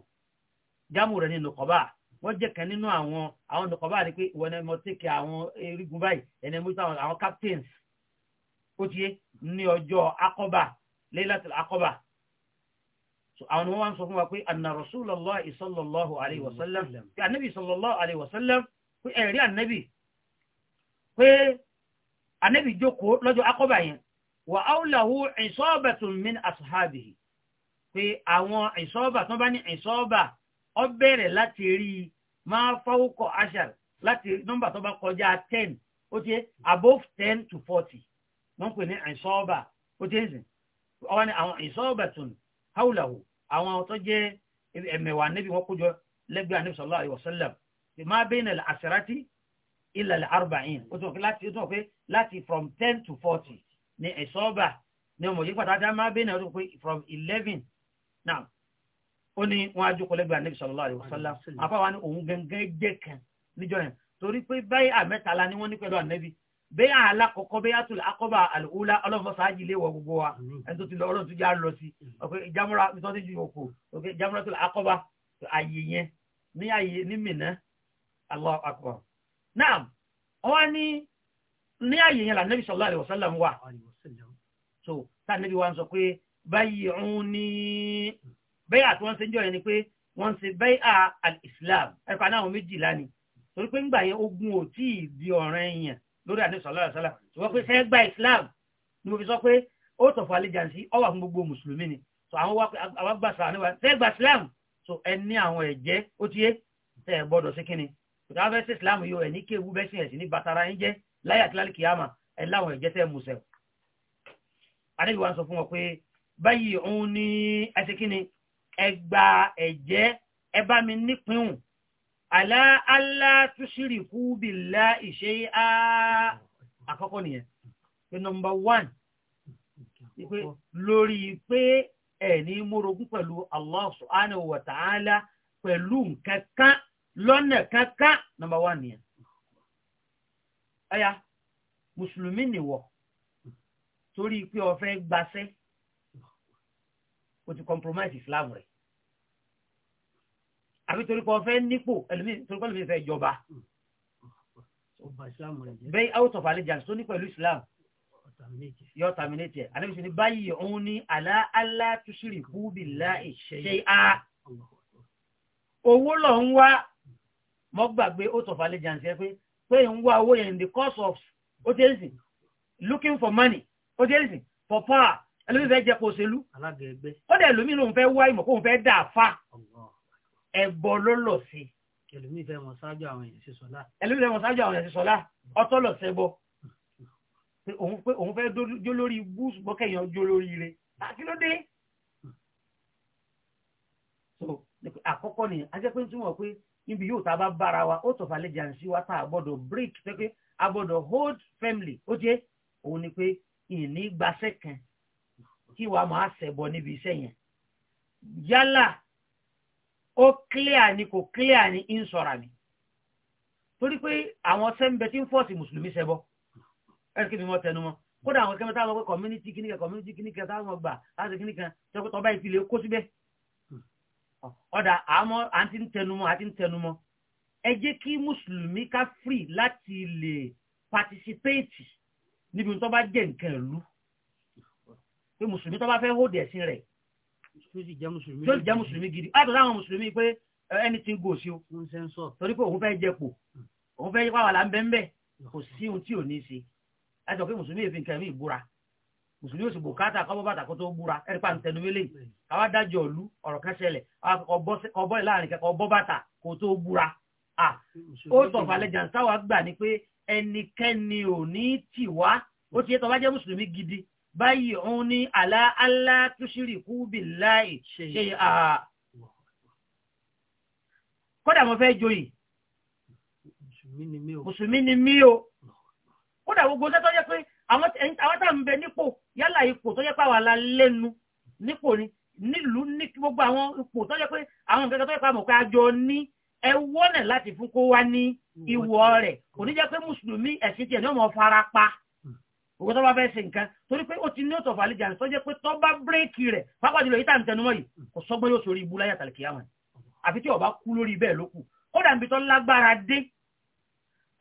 Speaker 1: jamu rẹ̀ ni nukọba wọ́n jẹ́ kan nínú àwọn àwọn nukọba ni pé wọ́n mọ̀ tí kì àwọn erigun báyìí ẹni mú sáwọn àwọn captains. ó ti yé ní ọjọ́ akọ́bà laylatul akọ́bà so àwọn ni wọ́n wá ń sọ fún wa pé anna rasulallah sallallahu alayhi wa sallam pé anabi sallallahu alayhi wa sallam pé ẹ̀rí anabi pé anabi jókòó lọ́jọ́ akọ́bà yẹn wà áwùláwù ìsọ́ọ̀bàtún min ashabihi pé àwọn ìsọ́ọ̀bà tó bá ní ìsọ́ọ̀bà ó bẹ̀rẹ̀ láti rí máa fáwọ́kọ̀ ashar láti nọ́mbà tó bá kọjá ten ó ti above ten to forty wọ́n pè ní ìṣọ́ọ̀bà ó ti ń sìn ọwọ́ ni àwọn ìṣọ́ọ̀bà tún hawlahu àwọn tó jẹ́ ẹ̀mẹ̀wà níbi wọ́n kójọ lẹ́gbẹ̀ẹ́ àníbi sallallahu alaihi wasallam ma bayna al-ashrati ila al ó tún wọ́n pé láti from ten to forty ní ìṣọ́ọ̀bà ní ọmọ yìí pàtàkì ma bayna ó tún pé from eleven now ó ní wọ́n á jókòó lẹ́gbẹ̀ẹ́ àníbi sallallahu alaihi wasallam àfáwọn òun gẹ́gẹ́ jẹ́ kan níjọ́ yẹn torí pé báyìí àmẹ́tàlá ni wọ́n ní pẹ̀lú ànẹ́bí bẹ́ẹ̀ alákọ̀ọ́kọ́ bẹ́ẹ̀ àtúlẹ̀ akọ́bà àlùkúlá ọlọ́mọsáájì léwọ̀ gbogbo wa ẹni tó ti lọ ọlọ́run tó já lọ sí ọ̀pẹ ìjámúra tó ti ju òkò ọ̀pẹ ìjámúra tó lọ akọ́bà àyè yẹn ní àyè ní Mínà Allahu akbar. náà wọ́n ní ní àyè yẹn lànà sallallahu alaihi wasallam wà so tá níbi wa ń sọ pé báyìí òun ní bẹ́ẹ̀ àti wọ́n ń ṣe ń jọ yẹn ni pé lórí àdé sọlá àṣálà ṣùgbọ́n pé sẹ́ gba islam ni mo fi sọ pé ó tọ̀ fún allegiance ó wà fún gbogbo mùsùlùmí ni so àwọn wá àwọn gbà sàánú wa sẹ́ gba islam so ẹ ní àwọn ẹ̀jẹ́ ó tiẹ̀ tẹ́ ẹ gbọ́dọ̀ sí kínni ìta fẹ́ sí islam yóò ẹ̀ ní kéwu bẹ́ sí ẹ̀sìn ní batara yín jẹ́ láyà kílálì kìyàmà ẹ̀ láwọn ẹ̀jẹ́ tẹ́ musẹ̀ adébí wa ń sọ fún wọn pé báyìí òun ní ẹsẹ̀ kínni ẹ gba ẹ̀jẹ́ ẹ bá mi nípìnrún ala alla tushriku billahi shay'a àkọ́kọ́ nìyẹn pé number one pé lórí pé ẹni múrogún pẹ̀lú Allah subhanahu wa ta'ala pẹ̀lú nǹkankan lọ́nà kankan number one nìyẹn ẹ̀yà mùsùlùmí nìwọ torí pé o fẹ́ gbaṣẹ́ o ti compromise Islam rẹ̀ àbí torí kò fẹ́ nípò ẹlòmíì torí kò lè fẹ́ jọba bẹ́ẹ̀ out of allegiance tó ní pẹ̀lú Islam yọ terminate ẹ̀ ànábi sọ ni báyìí òun ní àlá alá túṣìrì kúbi láì ṣe á owó lọ ń wá mọ́ gbàgbé out of allegiance ẹ pé pé ń wá owó yẹn in the course of ó ti ń sìn looking for money ó ti ń sìn for power ẹlòmíì fẹ́ jẹ́ kó ṣèlú ó dẹ̀ lómi lòun fẹ́ wá ìmọ̀ kóun fẹ́ dà fa. Allah ẹbọ lọlọ sí. ẹlòmíì fẹ́ wọn ṣáájú àwọn èèyàn sí sọlá. ẹlòmíì fẹ́ wọn ṣáájú àwọn èèyàn sí sọlá ọtọ lọ sẹbọ òun fẹ́ jó lórí búùsù bọkẹyàn jó lórí rẹ àkínódé. so àkọ́kọ́ nìyẹn a jẹ́ pé ń túmọ̀ pé níbi yóò tá a bá bára wa ó tọ̀fà lè jà sí wa tá a break pé pé a hold family ó jẹ́ òun ni pé ìní gbaṣẹ́ kan kí wàá máa ṣẹ̀bọ níbi iṣẹ́ yẹn yálà ó clear ni kò clear ni ń sọ̀rọ̀ mi torí pé àwọn sẹ́ńbẹ tí ń fọ́ọ̀sì mùsùlùmí ṣẹbọ ẹ̀rọ kí mi mọ́ tẹnu mọ́ kódà àwọn kẹ́mẹ́ta àwọn ọkọ̀ community kìnìkan community kìnìkan táwọn gbà láti kìnìkan tọ́kọ́ tọ́ba ìfilẹ̀ kó síbẹ̀ ọ̀dà àmọ́ àti ń tẹnumọ́ àti ń tẹnumọ́ ẹ jẹ́ kí mùsùlùmí ká free láti lè participate níbi tó bá jẹ́ nǹkan ìlú pé mùsùlùmí tó bá fẹ́ hold ẹ̀sìn rẹ̀ tó sì jẹ́ mùsùlùmí tó sì jẹ́ mùsùlùmí gidi látọ̀ láwọn mùsùlùmí pé anything goes o torí pé òun fẹ́ jẹpò hmm. òun fẹ́ yípa wà lá ń bẹ́ ń bẹ́ kò sí ohun tí ò ní ṣe látọ̀ pé mùsùlùmí èfi nǹkan mi ìbúra mùsùlùmí ò sì bùkátà kọ́bọ́ bàtà kó tó búra ẹ̀rí pa ntẹnumẹ́lẹ̀ hmm. káwá dájọ́ ọ̀lú ọ̀rọ̀ kan ṣẹlẹ̀ ọbọ̀ ìlànà kẹ́kọ̀ ọbọ̀ bàtà kó tó búra ó tọ̀fàlẹ̀ jàǹsáwà gbà ní pé ẹnikẹ́ni ò ní tì wá ó ti yẹ tó bá jẹ́ mùsùlùmí gidi báyìí òun ní àlá alá tushriku billahi ṣe àhà kódà mo fẹ́ joyè mùsùlùmí ni mí o kódà gbogbo sẹ́tọ́ yẹ pé àwọn tá à ń bẹ nípò yálà ipò tó yẹ pé àwọn alá lẹ́nu nípò ni nílùú ní gbogbo àwọn ipò tó yẹ pé àwọn nǹkan tó yẹ pé àmọ̀ pé àjọ ní ẹwọ́ láti fún kó wá ní ìwọ rẹ̀ kò ní jẹ́ pé mùsùlùmí ẹ̀sìn tiẹ̀ ní ọmọ fara pa òkú tó bá fẹ́ ṣe nǹkan torí pé ó ti ní òtò fàlíjà ní sọ́jẹ́ pé tó bá bírèkì rẹ̀ pápá jùlọ ìta ìtẹnumọ́ yìí kò sọ́gbọ́n yóò sórí ibú láyà tàlìkì àmọ́ àfi tí ọba kú lórí bẹ́ẹ̀ ló kù kódà níbi lágbára dé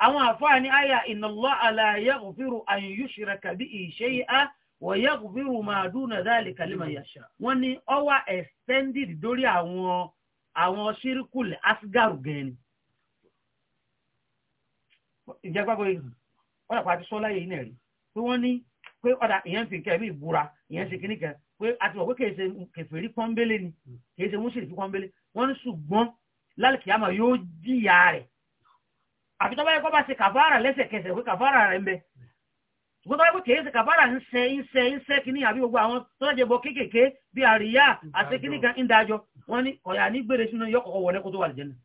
Speaker 1: àwọn àfáà àyà inna Allaha la yaghfiru an yushraka bihi shay'an wa yaghfiru ma duna dhalika liman yasha ọwà extended dórí àwọn àwọn ṣírkùl asgaru gẹ̀ẹ́ni ìjẹ́gbàgbọ́ yìí wọ́n dàpọ̀ àti sọ́lá yìí náà rí pé wọ́n ní pé ọ̀dà ìyẹn fi kẹ́ mi ìbúra ìyẹn ṣe kíní kan pé àti wọ̀ pé kì ṣe kèfèrí pọ́nbélé ni kì í ṣe mùsùlùmí pọ́nbélé wọ́n ní ṣùgbọ́n lálùkìyàmà yóò jìyà rẹ̀ àfi tọ́ba yẹ kó bá ṣe kàfàrà lẹ́sẹ̀kẹsẹ̀ pé kàfàrà rẹ̀ ń bẹ ṣùgbọ́n tọ́ba yẹ kó kèé ṣe kàfàrà ń ṣe ń ṣe ń ṣe kíní àbí gbogbo àwọn tọ́jà bọ kéékèèké bíi àríyá àti kíní kan ń dájọ́ wọ́n ní ọ̀yà ní gbèrè sínú yọkọ̀ọ̀ wọlé kó tó wà lẹ́jẹ̀ náà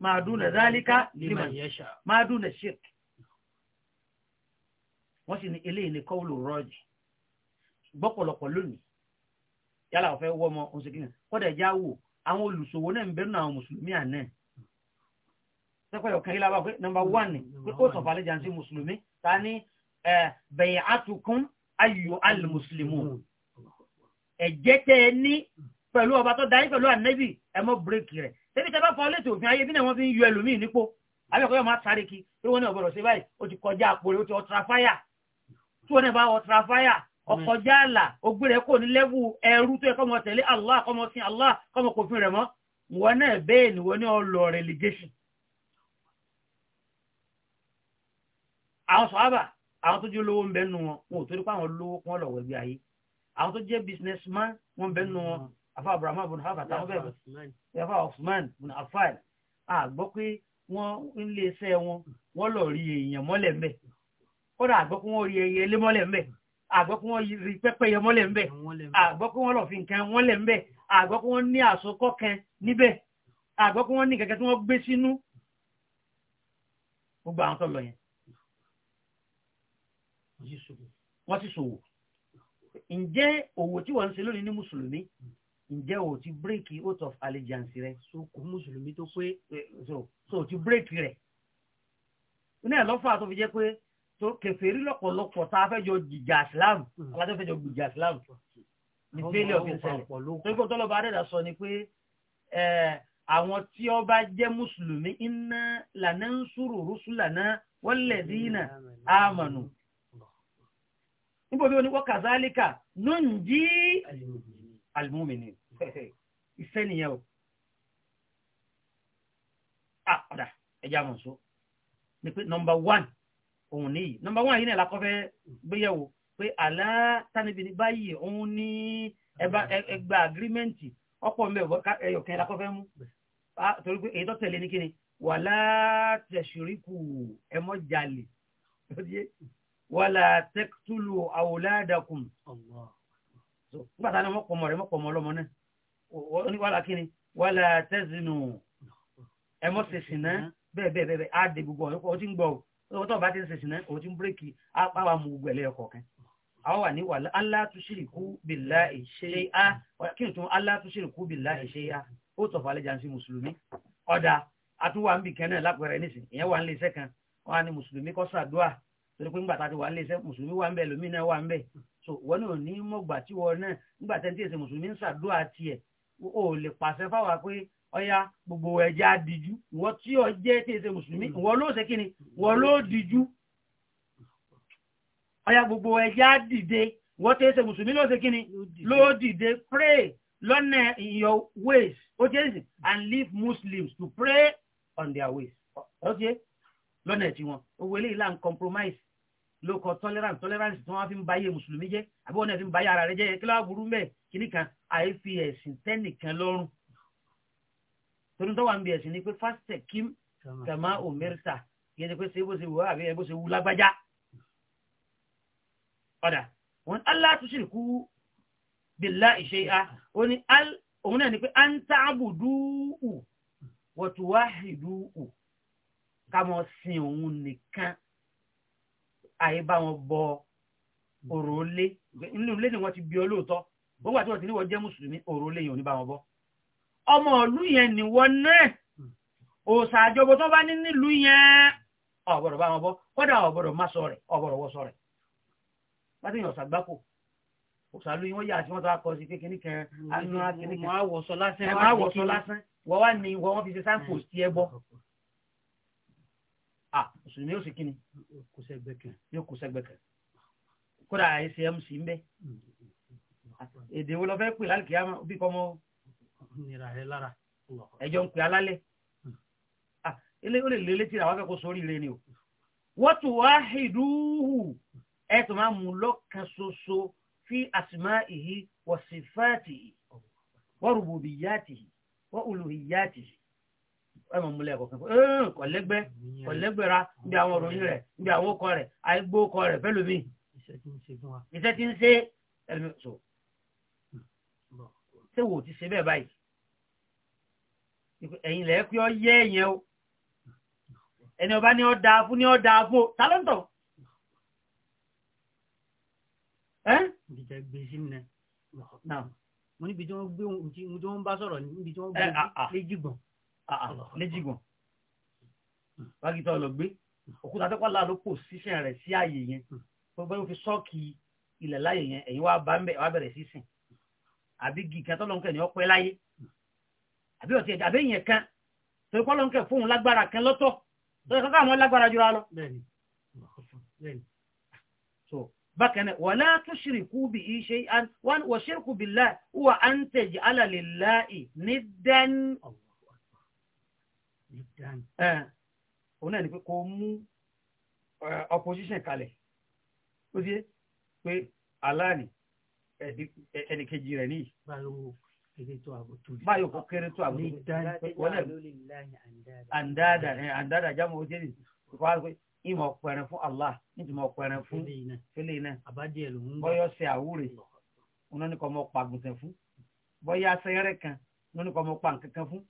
Speaker 1: máa dúnà dálíkà máa dúnà ṣírk wọ́n sì ní eléyìí ní kọ́wùlù rọ́ọ̀jì gbọ́pọ̀lọpọ̀ lónìí yálà ọ̀fẹ́ wọ́ ọmọ oṣèkìnnì kọ́dà já wò àwọn olùṣòwò náà ń bẹ̀rù náà àwọn mùsùlùmí àná sẹ́pẹ̀lẹ̀ ọ̀kan ilá wáwé nọmba wán ni pé ó sọ̀fà lẹ́jà sí mùsùlùmí ta ní bẹ̀yìn àtúkún ayò alìmùsùlùmù ẹ̀jẹ̀ tẹ́ ẹ ní pẹ̀lú ọba tó dáyé pẹ̀lú ànẹ́bì ẹ̀mọ́ bírèkì rẹ̀ tẹ́bí tẹ́ bá fọ létí òfin ayé bí náà wọ́n fi ń yọ ẹlòmíì nípò abẹ́kọ̀ yóò máa sáré kí pé wọ́n ní ọ̀bọ̀rọ̀ sí báyìí ó ti kọjá àpò rẹ̀ ó ti ọ̀tra fáyà tí wọ́n náà bá ọ̀tra fáyà ọkọjá àlà ògbéré kò ní lẹ́wù ẹrú tó yẹ kọ́mọ tẹ̀lé Allah kọ́mọ sin Allah kọ́mọ kò fin rẹ̀ mọ́ wọn náà bẹ́ẹ̀ ni wọ́n ní ọlọ́ relegation. àwọn sọ́ábà àwọn tó jẹ́ olówó ń bẹ́ẹ̀ nu wọn wọn ò torí pé àwọn olówó kún ọ̀lọ́wọ́ ẹgbẹ́ ayé àwọn tó jẹ́ businessman wọn ń bẹ́ẹ̀ nu wọn afa abrahamu bin hafa táwọn bẹ̀rẹ̀ yafa usman bin afan a gbọ́ pé wọ́n ń lé iṣẹ́ wọn wọ́n lọ rí èèyàn mọ́lẹ̀ ń bẹ̀ kódà a gbọ́ pé wọ́n rí ẹyẹ ilé mọ́lẹ̀ ń bẹ̀ a gbọ́ pé wọ́n rí pẹ́pẹ́yẹ mọ́lẹ̀ ń bẹ̀ a gbọ́ pé wọ́n lọ fi nǹkan wọ́n lẹ̀ ń bẹ̀ pé wọ́n ní àsokọ́ kan níbẹ̀ a pé wọ́n ní kẹ̀kẹ́ tí wọ́n gbé sínú gbogbo àwọn tó lọ yẹn wọ́n ti ṣòwò ǹjẹ́ òwò tí wọ́n ń ṣe lónìí ní mùsùlùmí ǹjẹ́ o ti bírèkì out of allegiance rẹ so kò mùsùlùmí tó pé eh, so o ti bírèkì rẹ ní ẹ̀lọ́fà tó fi jẹ́ pé tó kèfèrí lọ́pọ̀lọpọ̀ tá a fẹ́ jọ jìjà islam àwọn hmm. tó fẹ́ jọ gbìjà islam ní fẹ́lẹ̀ ọ̀fìn sẹ́lẹ̀ tó kó tọ́lọ́ bá dẹ́dà sọ ni pé eh, àwọn tí ó bá jẹ́ mùsùlùmí inna lanansuru rusulana walladhina amanu níbo bí wọn ni wọ́n kazalika nunji alimúmìnì ìfẹ́ nìyẹn o ah ọ̀dà ẹja mọ̀ so ni pé nọmba one òun ní yìí nọmba one yìí náà lakọ́ fẹ́ gbéyẹ̀wò pé àlá tánibí ní báyìí òun ní ẹgbà agirímẹ́ǹtì ọ̀pọ̀ mẹ́wọ̀ ẹyọ̀kẹ́ lakọ́ fẹ́ mú ah, torí pé èyí tó tẹ̀lé ní kíni wàlá tẹ̀sùríkù ẹmọ́jàlè wàlá tẹ́kítúlù àwòládàkùn so nígbà tá ni wọ́n pọ̀ mọ̀ rẹ̀ wọ́n pọ̀ mọ̀ ọlọ́mọ náà oníwàlá kí ni wàlá tẹ́sínù ẹmọ́ ṣèṣìn náà bẹ́ẹ̀ bẹ́ẹ̀ bẹ́ẹ̀ á dé gbogbo ọ̀yọ́ ọtí ń gbọ́ ọ tó bá ti ń ṣèṣìn náà ọtí ń bírèkì á wà mú gbogbo ẹ̀lẹ́yọ̀ kọ̀ọ̀kan àwọn wà ní wàlá alátúnṣìrìkú bìlá ìṣe á kí n tún alátúnṣìrìkú bìlá ìṣe á ó tọ̀fọ̀ alẹ́ jansi mùsùlùmí ọ̀dà àtúwà ń bì kẹ́nà lápẹ̀rẹ̀ nísìn ìyẹn wà ń lé iṣẹ́ kan wọn á ní mùsùlùmí kọ́ sàdúà torí pé ńgbà tá a ti wà ń lé iṣẹ́ mùsùlùmí wà ń bẹ̀ lómìnira wà ń bẹ̀ so wọn náà ní mọ̀gbà tí wọn náà nígbà tẹ́ntì ẹ̀sìn mùsùlùmí ń ṣàdúrà tiẹ̀ o lè pàṣẹ fáwa pé ọya gbogbo ẹja dìjú wọn tí ọ jẹ́ tí ẹ̀sìn mùsùlùmí wọn ló ṣe kí ni wọn ló dìjú ọya gbogbo ẹja dìde wọn tí ẹ̀sìn mùsùlùmí ló ṣe kí ni ló dìde pray lọ́nà in your ways ó jẹ́ ẹ̀sìn and leave muslims to pray on their ways ó jẹ́ lọ́nà tiwọn owó eléyìí là ń compromise ló kọ tolerance tolerance tí wọ́n fi ń báyé mùsùlùmí jẹ́ àbí wọ́n náà fi ń báyé ara rẹ jẹ́ kí láwọn burú mẹ́ kíní kan àìfi ẹ̀sìn tẹ́nìkan lọ́rùn torí tó wà ń bi ẹ̀sìn ni pé fásitẹ̀ kim kàmá omerta yẹn ni pé ṣe bó ṣe wù àbí ẹ bó ṣe wù lágbájá ọ̀dà wọn aláàtúnṣìkú bìlá ìṣe a ó ní òun náà ni pé à ń tààbùdúù wọ̀tùwáhìdúù ká mọ̀ sin òun nìkan àyè bá wọn bọ òrò hmm. lé nínú ilé ni wọ́n ti bí olóòótọ́ gbogbo àti wọ́n ti ní wọ́n jẹ́ mùsùlùmí òrò lé yẹn ò ní bá wọn bọ́ ọmọ ìlú yẹn ni wọ́n náà hmm. òòsà àjọbọ tó bá ní nílùú yẹn ọ̀bọ̀dọ̀ bá wọn bọ́ kọ́dà ọ̀bọ̀dọ̀ má sọ rẹ̀ ọ̀bọ̀dọ̀ wọ́ sọ rẹ̀ láti yàn ọ̀sà gbáko òṣàlù yìí wọ́n yà àti wọ́n tó akọ sí kékeré kan anú hmm. akékeré kan. wọ́n á wọ̀sọ lásán wọ́n á wọ̀sọ lásán wọ́n wá ní wọ́n fi ṣe signpost yẹ bọ́ à mùsùlùmí ó sì kí ni yóò kó sẹ́gbẹ̀kẹ̀ kódà ẹsẹ̀ ń bẹ́ èdè wo lọ fẹ́ pè lálùkìyà bí kọ́ mọ́ ẹjọ́ ń pè alálẹ̀ ilé hmm. ó lè lé létí àwọn akẹ́kọ̀ọ́ sórí ire ni o wọ́n tún wá hìdúhù ẹ tó máa mú lọ́kàn ṣoṣo fi asma'ihi wa sifatihi wa rububiyyatihi wa uluhiyyatihi ẹmọ múlẹ̀ ẹ̀kọ́ kẹfọ́ kọ̀lẹ́gbẹ́ kọ̀lẹ́gbẹ́ra níbi àwọn òròyìn rẹ̀ níbi àwọn ọkọ rẹ̀ àìgbó ọkọ rẹ̀ fẹ́ lómi. iṣẹ́ ti ń ṣe ẹ̀mí so ṣé wò ó ti ṣe bẹ́ẹ̀ báyìí ẹ̀yin lẹ́ẹ̀ pé ọ yẹ ẹ̀yẹn o ẹni ọba ni ọ dáa fún ni ọ dáa fún o ta ló ń tọ̀. mo níbi tí wọ́n gbé ohun tí wọ́n bá sọ̀rọ̀ níbi tí wọ́n gbé ohun tí wọ́n gbé léjì léjìgàn wákìtà ọlọ́gbé òkúta tó pàlà ló pò sísìn rẹ̀ sí ààyè yẹn gbogbo hmm. yóò fi sọ́ọ̀kì ilẹ̀ láàyè yẹn ẹ̀yin wá bẹ̀rẹ̀ sísìn àbí gìkan tó lọ́nkẹ́ ni ọ̀pẹ́ láyé hmm. àbí ọ̀tí ẹ̀dá àbẹ́yìn ẹ̀kan tó kọ́ lọ́nkẹ́ fóun lágbára kan lọ́tọ̀ tó yẹ kọ́kọ́ àwọn lágbára jura lọ. bákan náà wala tushriku bihi shay'an wa shirku billahi huwa an taj'ala lillahi niddan Allah. jùdán eh, òun náà ni pé mú eh, opposition kalẹ̀ ó sì pé aláàní ẹnìkejì rẹ̀ ní. báyọ̀ kó kéré tó àbúrò wọlé àndáàdà àndáàdà jámọ̀ ó jẹ́rìí kó wá ìmọ̀ pẹ̀rẹ̀ fún Allah nítumọ̀ pẹ̀rẹ̀ fún fílẹ̀ iná bọ́yọ̀ ṣe àwúrè òun náà ni kò mọ̀ pàgùntàn fún bọ́yá sẹ́yẹ́rẹ́ kan òun náà ni kò mọ̀ pàǹkankan fún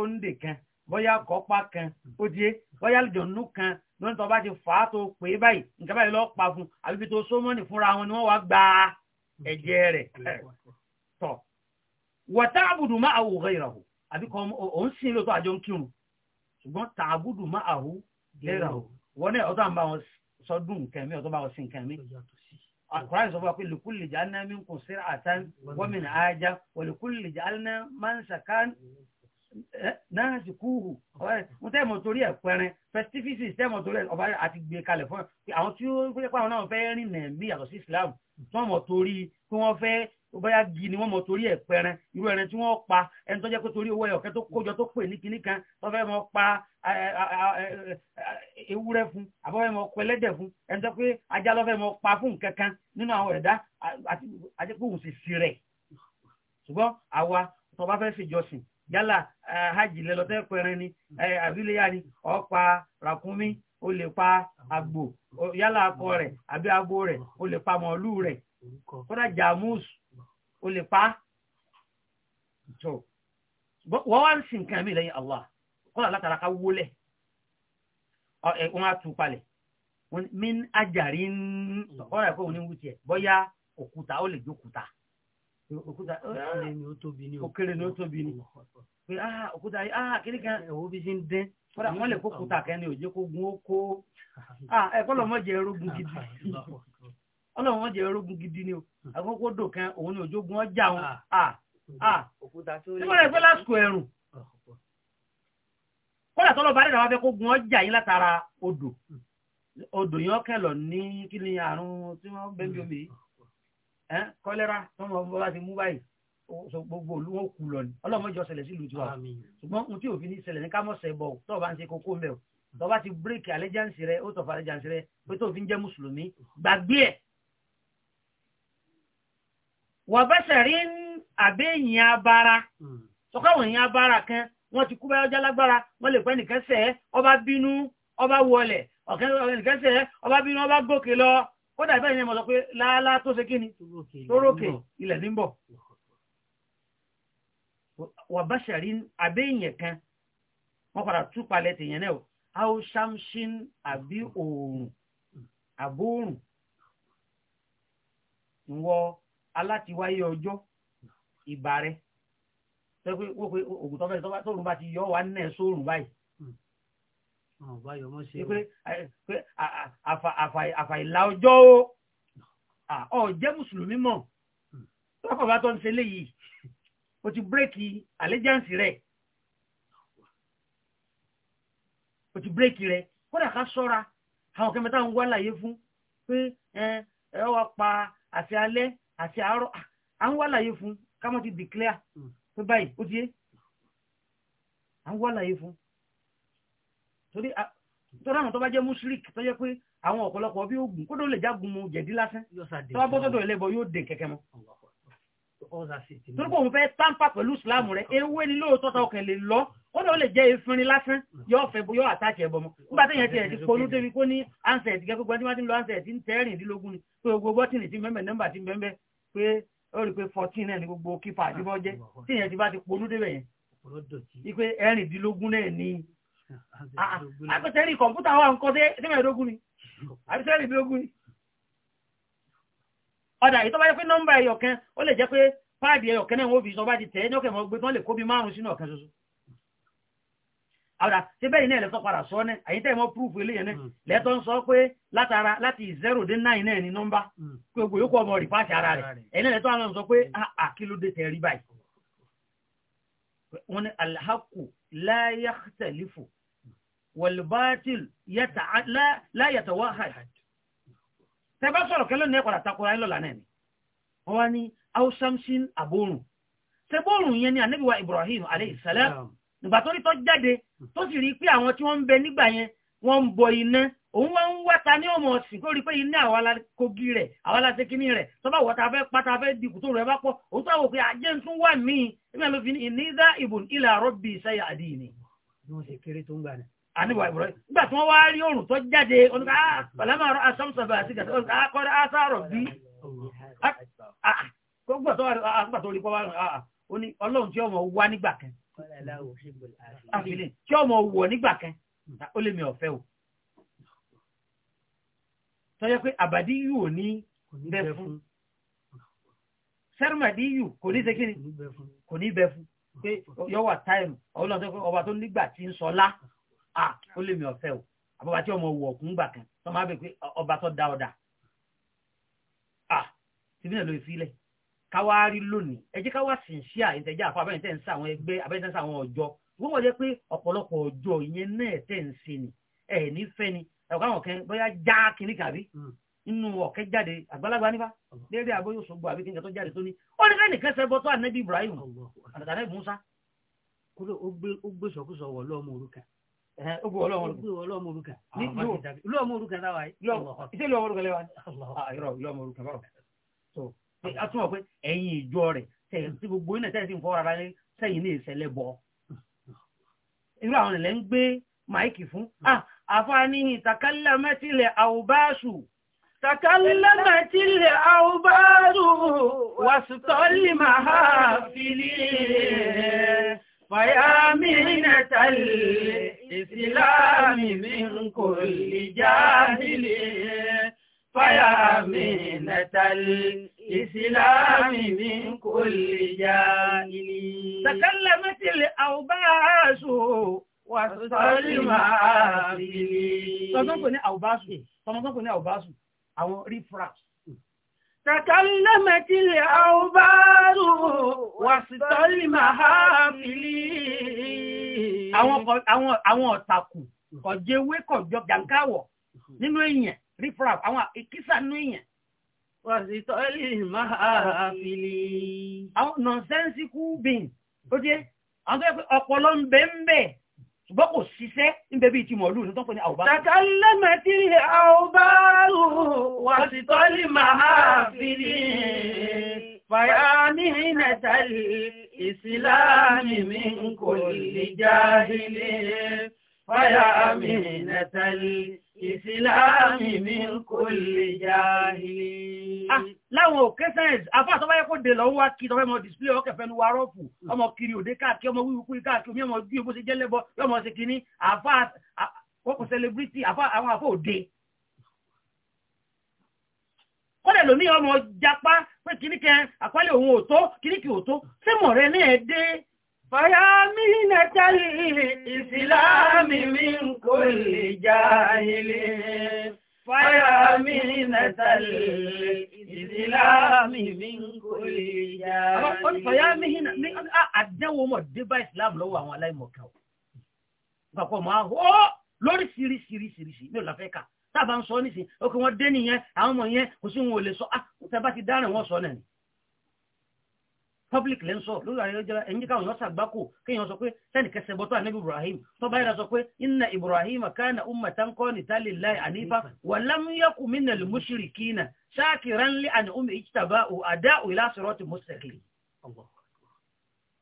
Speaker 1: ó ń dè kan bóyá kọ́pá kan ó di é bóyá lùdọ̀nù kan lóyún tó bá ti fà á tó pè é báyìí nǹkan báyìí lọ́ọ́ pa fún àbí fi tó sómọ́nì fúnra wọn ni wọ́n wá gba ẹ̀jẹ̀ rẹ̀ tọ̀ wọ́tá àbùdù má àwò ghayrahu àbí kọ́ òun sìn lóòótọ́ àjọ ń kírun ṣùgbọ́n tà àbùdù má àwò ghayrahu wọn náà ọ̀tọ́ àbá wọn sọdún nǹkan ọ̀tọ́ bá wọn sin nǹkan mi àkùránì sọ fún wa pé lùkúlì jàánà mi kò sí àtàn náà sì kúrú ọba rẹ mo tẹ́ mọ̀ torí ẹ̀ pẹrin festivities tẹ́ mọ̀ torí ẹ̀ ọba rẹ àti gbé kalẹ̀ fún ẹ àwọn tí ó pé pàwọn náà fẹ́ rìn nà mí yàtọ̀ sí Islam tí wọ́n mọ̀ torí pé wọ́n fẹ́ bóyá gi ni wọ́n mọ̀ torí ẹ̀ pẹrin irú ẹ̀rẹ̀ tí wọ́n pa ẹni tó jẹ́ pé torí owó ẹ̀yọ̀kẹ́ tó kójọ tó pè ní kinní kan tó fẹ́ mọ̀ pa ewúrẹ́ fún àbọ̀fẹ́ mọ̀ pẹ́ lẹ́dẹ̀ fún ẹni tó pé ajá lọ́fẹ́ mọ̀ pa fún nǹkan kan nínú àwọn ẹ̀dá àti àjẹpọ̀ òun sì sí rẹ̀ ṣùgbọ́n àwa tó bá fẹ́ ṣèjọsìn yálà hajj lẹ́lọ́tẹ́ pẹ̀rẹ́ ni àbílẹ̀yà ni ọ̀pá ràkúnmí ó lè pa agbo yálà akọ rẹ àbí agbo rẹ o lè pa mọ̀ọ́lù rẹ̀ kódà jamus o lè pa tó wọ́n wá ń sin nǹkan mi lẹ́yìn Allah kódà látara ká wólẹ̀ wọ́n á tú palẹ̀ min ajarin ọ̀rọ̀ ẹ̀kọ́ òní wútiẹ̀ bọ́yá òkúta ó òkúta kéré ni ó tóbi ni ó kéré ni ó tóbi ni pé ah òkúta yìí ah kéré kan ẹ̀wọ́ bí ṣe ń dẹ́n kódà wọ́n lè kó kúta kẹ́ni ò jẹ́ kó gun ó kó ah ẹ̀kọ́ lọ́mọ jẹ́ erógun gidi ọlọ́run jẹ́ erógun gidi ni o hmm. àkókò dò kan òun ni òjò gun ọjà wọn ah ah, ah. òkúta tó lè nígbà pé lásìkò ẹ̀rùn kódà tọ́lọ́ bá dẹ̀dà wá fẹ́ kó gun ọjà yín látara odò hmm. odò yẹn ọkẹ́ lọ ní kí ni àrùn tí wọ́n gbẹ́ bí omi yìí. Hmm kọ́lẹ́rà tó ń bọ́ bá ti mú báyìí gbogbo olú wọn kú lọ ni ọlọ́mọjọ ṣẹlẹ̀ sí ìlú tiwa ṣùgbọ́n ohun tí òfin ní ṣẹlẹ̀ ní ká mọ̀ ṣẹ̀ bọ̀ tó o bá ń ṣe kókó mẹ́ o tó o bá ti bírèkì àlẹ́jáǹsì rẹ ó tọ̀fọ̀ àlẹ́jáǹsì rẹ pé tó o fi ń jẹ́ mùsùlùmí gbàgbé ẹ̀. wọ́n bẹ́sẹ̀ rí àbẹ́yìn abara hmm. sọ́kàwọ̀ yẹn abara kan wọ́n ti kú báyọ̀ jálágbára wọ́n lè pẹ́ nìkan sẹ́ ọba bínú ọba wọlẹ̀ ọ̀kẹ́ nìkan ọba bínú ọba gòkè lọ ó dàbí ẹni mọ̀ sọ pé láálá tó ṣe kíni tórókè ilẹ̀ ní bọ̀ wà bá ṣàrí abéèyàn kan wọ́n padà tú palẹ̀ tèèyàn náà áwò ṣamṣin àbí oòrùn àbóòrùn ìwọ alátiwáyé ọjọ́ pé pé àfàìlà ọjọ́ o ọ jẹ́ mùsùlùmí mọ̀ hmm. tọ́kọ̀ bá tọ́ ń ṣe léyìí o ti bírèkì àlẹ́jáǹsì rẹ̀ o ti bírèkì rẹ̀ kódà ká sọ́ra àwọn kẹmẹ́ta ń wá láyé fún pé ẹ ẹ wá pa àti alẹ́ àti àárọ̀ à ń wá láyé fún ká má ti declare hmm. pé báyìí ó ti yé à ń wá láyé fún torí torí àwọn tó bá jẹ́ mushrik tó jẹ́ pé àwọn ọ̀pọ̀lọpọ̀ bí ogun kó tó lè jágun mu jẹ̀dí lásán tó bá bọ́ sọ́dọ̀ ẹlẹ́bọ yóò dé kẹ̀kẹ́ mọ́. torí pé òun fẹ́ tàǹpà pẹ̀lú ìsìláàmù rẹ̀ ewé ni lóòótọ́ ta ọkàn lè lọ ó lọ lè jẹ́ efinrin lásán yóò fẹ́ bó yóò àtàkì ẹ̀bọ mọ́ nígbà tó yẹn ti ẹ̀sìn polú débi kó ní ansẹ̀tì gẹ́gẹ́ gbogbo ẹni tí ń lo ansẹ̀tì ń tẹ́rìndínlógún ni pé gbogbo bọ́tìnì ti mẹ́mẹ́ nọ́mbà ti mẹ́mẹ́ pé ó rí i pé fourteen náà ni gbogbo kípa àdìbọ́ jẹ́ tí yẹn ti bá ti polú débẹ̀ yẹn ipe ẹ̀rìndínlógún náà ni
Speaker 2: Ah, ah.
Speaker 1: àpẹtẹ́rì kọ̀ǹpútà wà ń kọ́ dé ẹ̀ẹ́dẹ́gbẹ̀ẹ́dógún ni àbísẹ́rì ìdógún ni ọ̀dà ìtọ́ bá jẹ́ pé nọ́mbà ẹyọ kan ó lè jẹ́ pé páàdì ẹyọ kan náà wọ́n fi sọ bá ti tẹ̀ ẹ́ ní ọ̀kẹ́ mọ́ gbé tán lè kó bí márùn sínú ọ̀kan ṣoṣo àwòrán tí bẹ́ẹ̀ náà lẹ́tọ́ padà sọ ọ́ náà àyín tẹ́ mọ́ púrúfù eléyẹn náà hmm. lẹ́tọ́ ń sọ pé látara láti zero dé nine náà ní nọ́mbà hmm. pé gbogbo yòókù ọmọ rìpáàtì ara rẹ̀ hmm. ẹ̀yìn náà lẹ́tọ́ àwọn sọ pé àkìlódé ah, tẹ̀ rí báyìí wọ́n ní alhaku la yakhtalifu wọ̀lbátil láyàtọ̀wọ́ àhàd tẹ́bá sọ̀rọ̀ kẹ́lọ́ ní ẹ̀kọ́dà takora ẹ̀ lọ́la náà ni wọ́n wá ní ausamsin aborun tẹ́bọ̀rùn yẹn ni anábìwá Ibrahim aleyhisselam nígbà tó rí tó jáde tó sì rí pé àwọn tí wọ́n ń bẹ nígbà yẹn wọ́n ń bọ iná òun wá ń wáta ní ọmọ ọ̀sìn kó rí pé iná àwa la kogi rẹ̀ àwa la sekini rẹ̀ tọ́ba wọ́ta fẹ́ pátá fẹ́ dìkù tó rẹ̀ bá pọ̀ òun tó àwòkè ajé ń tún wà míì ìgbà ló fi ní ìnídá ìbùn ilà rọ́bì sáyà àdìyìn ni àníwà ìbúrọ̀ nígbà tí wọ́n wá rí oòrùn tó jáde oníkà pàlámàrọ̀ ah, asọ́mùsọ̀bà àti gàtà akọ́rẹ́ ah, asáàrọ̀ bí ah, gbogbo tó rí pọ́wá oní ọlọ́run tí ọmọ wá nígbà kan tí ọmọ wọ̀ nígbà kan ó lè mi ọ̀fẹ́ o tọ́jọ́ pé àbàdí yìí ò ní bẹ́ fún sẹ́rùmàdí yìí kò ní sekiri kò ní bẹ́ fún pé yọ wà táìmù ọlọ́run tó ọba tó nígbà tí ń sọlá Ah, ó lè mi ọ̀fẹ́ o àbọ̀bá tí ọmọ wù ọ̀kún gbà kan tó máa bẹ̀ pé ọba tó da ọ̀dà à tìbí náà ló fi sílẹ̀ káwá rí lónìí ẹ jẹ́ káwá sì ń ṣí à ìtẹ̀jẹ́ àfọ abẹ́rẹ́ tẹ̀ ń sa àwọn ẹgbẹ́ abẹ́rẹ́ tẹ̀ ń sa àwọn ọjọ́ wọ́n wọ́n jẹ́ pé ọ̀pọ̀lọpọ̀ ọjọ́ ìyẹn náà tẹ̀ ń ṣe ni ẹ̀ ní fẹ́ ni ẹ̀kọ́ àwọn kan bóyá já kínní kàbí hmm. inú ọ̀kẹ́ jáde àgbàlagbà nípa hmm. lédè àbóyò ṣògbò àbí kí n tó jáde tó ní ó ní káyìn nìkan sẹ́gbọ́ tó ànábì Ibrahim àtàtà Musa. kúlò ó gbé sọkúsọ wọ ogun ọlọ́mọ orúkà lọ́mọ orúkà láwa yìí lọ́mọ orúkà lẹ́wà lọ́mọ ah, orúkà báwo so atúmọ̀ pé ẹ̀yin ìjọ rẹ̀ tí gbogbo iná tẹ́sí ń fọ́ra rárá sẹ́yìn ní ìṣẹ̀lẹ̀ bọ̀ irú àwọn ilẹ̀ ń gbé máìkì fún ah, àfààní ìtàkálẹ̀mẹ́tìlẹ̀ àwòbáṣù tàkálẹ̀mẹ́tìlẹ̀ àwòbáṣù wàṣùtọ́lì màá fìlì fàyàmì nẹ́tàlẹ̀ ìsìláàmì min kulli jahili fáyà mi nàtàlì ìsìláàmì min kulli jahili. Takallatil awbaasu wà sọ́lì máa fi lè. Tọ́tọ́ kò ní àwùbáṣù, tọ́mọ́tọ́ kò ní àwùbáṣù, àwọn refraps. تكلمت الأوبار وسط المحافل àwọn ọ̀tàkù kọ̀jẹ̀wé kọ̀jọ jàǹkáwọ̀ nínú èèyàn rífra àwọn ìkísà nínú èèyàn. wàsítọ́lì máa fìlì. àwọn nọ̀nsẹ́nsìkú bìn ó dé àwọn tó yẹ pé ọpọlọ ń bẹ ń bẹ ṣùgbọ́n kò ṣiṣẹ́ níbẹ̀ bíi ti mọ̀lú ní tọ́pọ̀ ní àwòbá. Tàkà lẹ́mẹ̀ tí àwòbá rò wàsítọ́lì máa fìlì. فيامينة الإسلام من كل جاهل فيامينة الإسلام من كل جاهل ah, láwọn òkè sáyẹ̀nsì afáàsọ báyẹ kó dè lọ́wọ́ wá kí tọ́fẹ́ mọ display ọkẹ̀ fẹ́nu wa rọ́ọ̀fù hmm. ọmọ kiri òde káàkiri ọmọ wíwú kúrì káàkiri omi ọmọ bí o bó ṣe jẹ́ lẹ́bọ yọmọ ṣe kínní àfáà ó kò celebrity àwọn àfáà òde kọ́lẹ̀ lómi ọmọ japa pé kìníkẹ àpálẹ̀ òun ò tó kìníkì ò tó ṣé mọ̀ rẹ náà dé. fàyà mi nàtàlì ìsìlámì mi ń kò lè já ilé. fàyà mi nàtàlì ìsìlámì mi ń kò lè já ilé. fàyà mi ní àdánwò mọ̀ dé ìsìlámù lọ́wọ́ àwọn aláìmọ̀kẹ́ o. gbàgbọ́ máa hó lórí ṣiríṣiríṣiríṣi ní ò láfẹ́ kà tábà ń sọ nísìn ókè wọ́n dé nìyẹn àwọn ọmọ yẹn kò sí wọn ò lè sọ ah tẹ bá ti dáràn wọn sọ náà ni public lẹ́nsọ̀ lórí ayélujára ẹ̀yìn káwọn yọ sàgbákò kéèyàn sọ pé sẹ́ni kẹsẹ̀ bọ́tọ̀ ànábì ibrahim tó báyìí sọ pé inna ibrahim kana ummatan qanitan lillahi hanifa wa lam yaku minal mushrikina shakiran li an'umi ijtaba'u ada'u ila sirati mustaqim.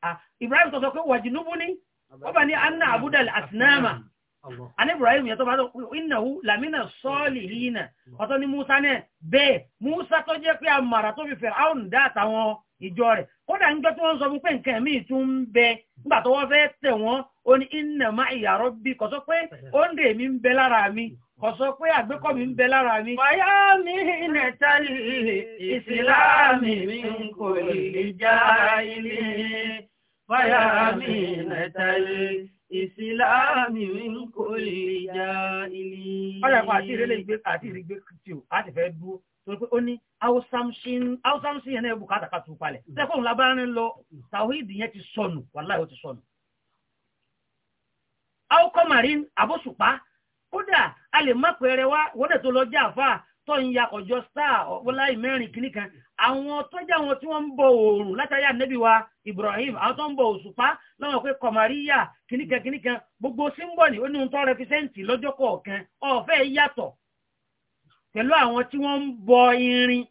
Speaker 1: Ah, ibrahim tó sọ pé wàjìnnúbù ni àní Ibrahim yẹn tó bá tó innahu lamina salihina mm. ọ̀tọ̀ ni Musa náà bẹ́ẹ̀ Musa tó jẹ́ pé amàrà tó fi Fir'aun dá àtàwọn ìjọ rẹ̀ kódà níjọ́ tí wọ́n sọ fún pé nǹkan míì tún ń bẹ nígbà tó wọ́n fẹ́ tẹ̀ wọ́n ó ní inna ma'iya rabbi kò sọ pé ó ń dè mí ń bẹ lára mi kò sọ pé àgbékọ̀ mi ń bẹ lára mi. wáyá mi ilẹ̀ ìsìláàmì ń kò lè já ilé. ọ̀rẹ́ ẹ̀kọ́ àti ìrẹ́lẹ̀ ìgbé àti ìrẹ́gbé tí o a ti fẹ́ dúró torí pé ó ní hausamsin hausamsin yẹn náà bùkátà palẹ̀ tẹ́kọ̀ọ́ lábárin lọ tàwíìdì yẹn ti sọnù wàláhì ó ti sọnù. àwòkọ́ màrín àbọ̀sùpá kódà a lè má pẹ́ẹ́rẹ́ wá wọ́dẹ̀ tó lọ jẹ́ àfáà tó ń ya ọjọ́ sáà ọ̀pọ̀láì mẹ́rin kìíní kan àwọn tọ́jà wọn tí wọ́n ń bọ oòrùn látàyà nẹ́bí wa Ibrahim àwọn tó ń bọ òṣùpá lọ́wọ́ pé kọ̀máríyà kìíní kan kìíní kan gbogbo símbọ̀lì ó ní ohun tó rẹpísẹ́ǹtì lọ́jọ́ kọ̀ọ̀kan ọ̀fẹ́ yàtọ̀ pẹ̀lú àwọn tí wọ́n ń bọ irin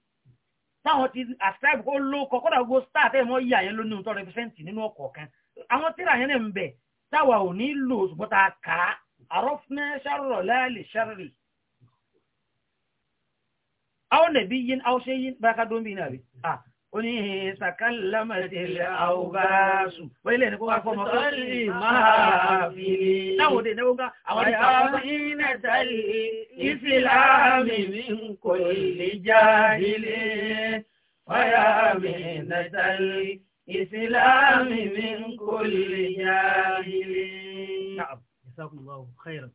Speaker 1: táwọn ti ascribe kó ló kọ kọ́dà gbogbo star tẹ́ mọ́ yíyà yẹn ló ohun tó rẹpísẹ́ǹtì nínú ọ̀kọ̀ọ̀kan aw nabiyyin aw shay'in ba ka don bi na ah oni sakalamatil awbasu wai le ni ko wa ko mo ko ma fi na wo de ne wo ga àwọn ta ina dal islam min kulli jahili wa ya min dal islam min kulli jahili na'am jazakumullahu khairan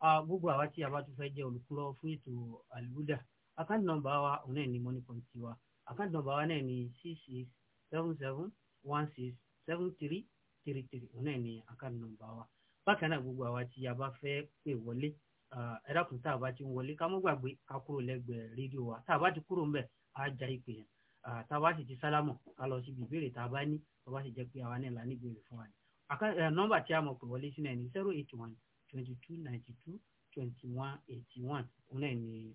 Speaker 1: a ah, gugu àwa tí a bá tún fẹ́ jẹ́ olùkúrò Account number wa òun náà money point tiwa àkáǹtì nọ́mbà wa náà ní six six seven seven one six seven three three three òun náà account number nọ́mbà wa bákan náà gbogbo àwa tí a bá fẹ́ pè wọlé ẹ dákun tá a bá ti ń wọlé ká mọ́ gbàgbé ká kúrò lẹ́gbẹ̀ẹ́ rédíò wa tá a bá ti kúrò ń bẹ̀ á já ìpè yẹn tá a bá sì ti sálámọ̀ ká lọ síbi ìbéèrè tá a bá ní tó bá sì jẹ́ pé àwa náà là ní ìbéèrè fún wa ni nọ́mbà tí a mọ̀ pé wọlé sí náà ní zero eight one twenty two ninety two twenty one eighty one òun náà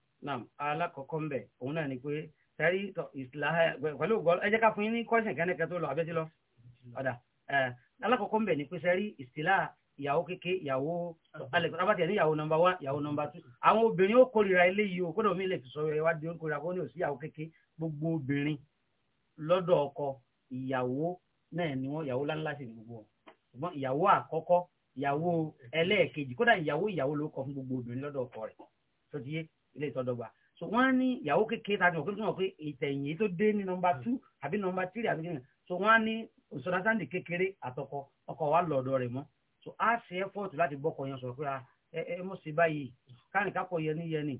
Speaker 1: naam alákọ̀ọ́kọ́ ń bẹ̀ òun náà ni pé sẹ́rí ìsìláhà pẹ̀lú ògbọ́ ẹ jẹ́ ká fún yín ní kọ́ṣìn kẹ́nìkẹ́ tó lọ abẹ́tí lọ ọ̀dà alákọ̀ọ́kọ́ ń bẹ̀ ni pé sẹ́rí ìsìláhà ìyàwó kéke ìyàwó alábàtì ẹni ìyàwó nọ́mbà one ìyàwó nọ́mbà two àwọn obìnrin ó kórìíra eléyìí o kódà mi lè fi sọ ẹ wá di ó kórìíra kó ní òsì ìyàwó kéke gbogbo obìnrin lọ́dọ̀ ọkọ ìyàwó náà ni wọ́n ìyàwó láńlá sì ni gbogbo wọn ṣùgbọ́n ìyàwó àkọ́kọ́ ìyàwó ẹlẹ́ẹ̀kejì kódà ìyàwó ìyàwó ló kọ fún gbogbo obìnrin lọ́dọ̀ ọkọ rẹ̀ tó ti yé ilé ìtọ́dọ̀gba so wọ́n ní ìyàwó kékeré tàbí òkú tó mọ̀ pé ìtẹ̀yìn tó dé ní nọmba hmm. two àbí nọmba three àbí kékeré so wọ́n ní òṣòdásánì kékeré àtọkọ ọkọ wa lọ́dọ̀ rẹ̀ mọ́ so a ṣe effort láti bọ́kọ yẹn sọ̀rọ̀ pé ẹ ẹ mọ̀ sí báyìí káàníkà pọ̀ yẹni yẹni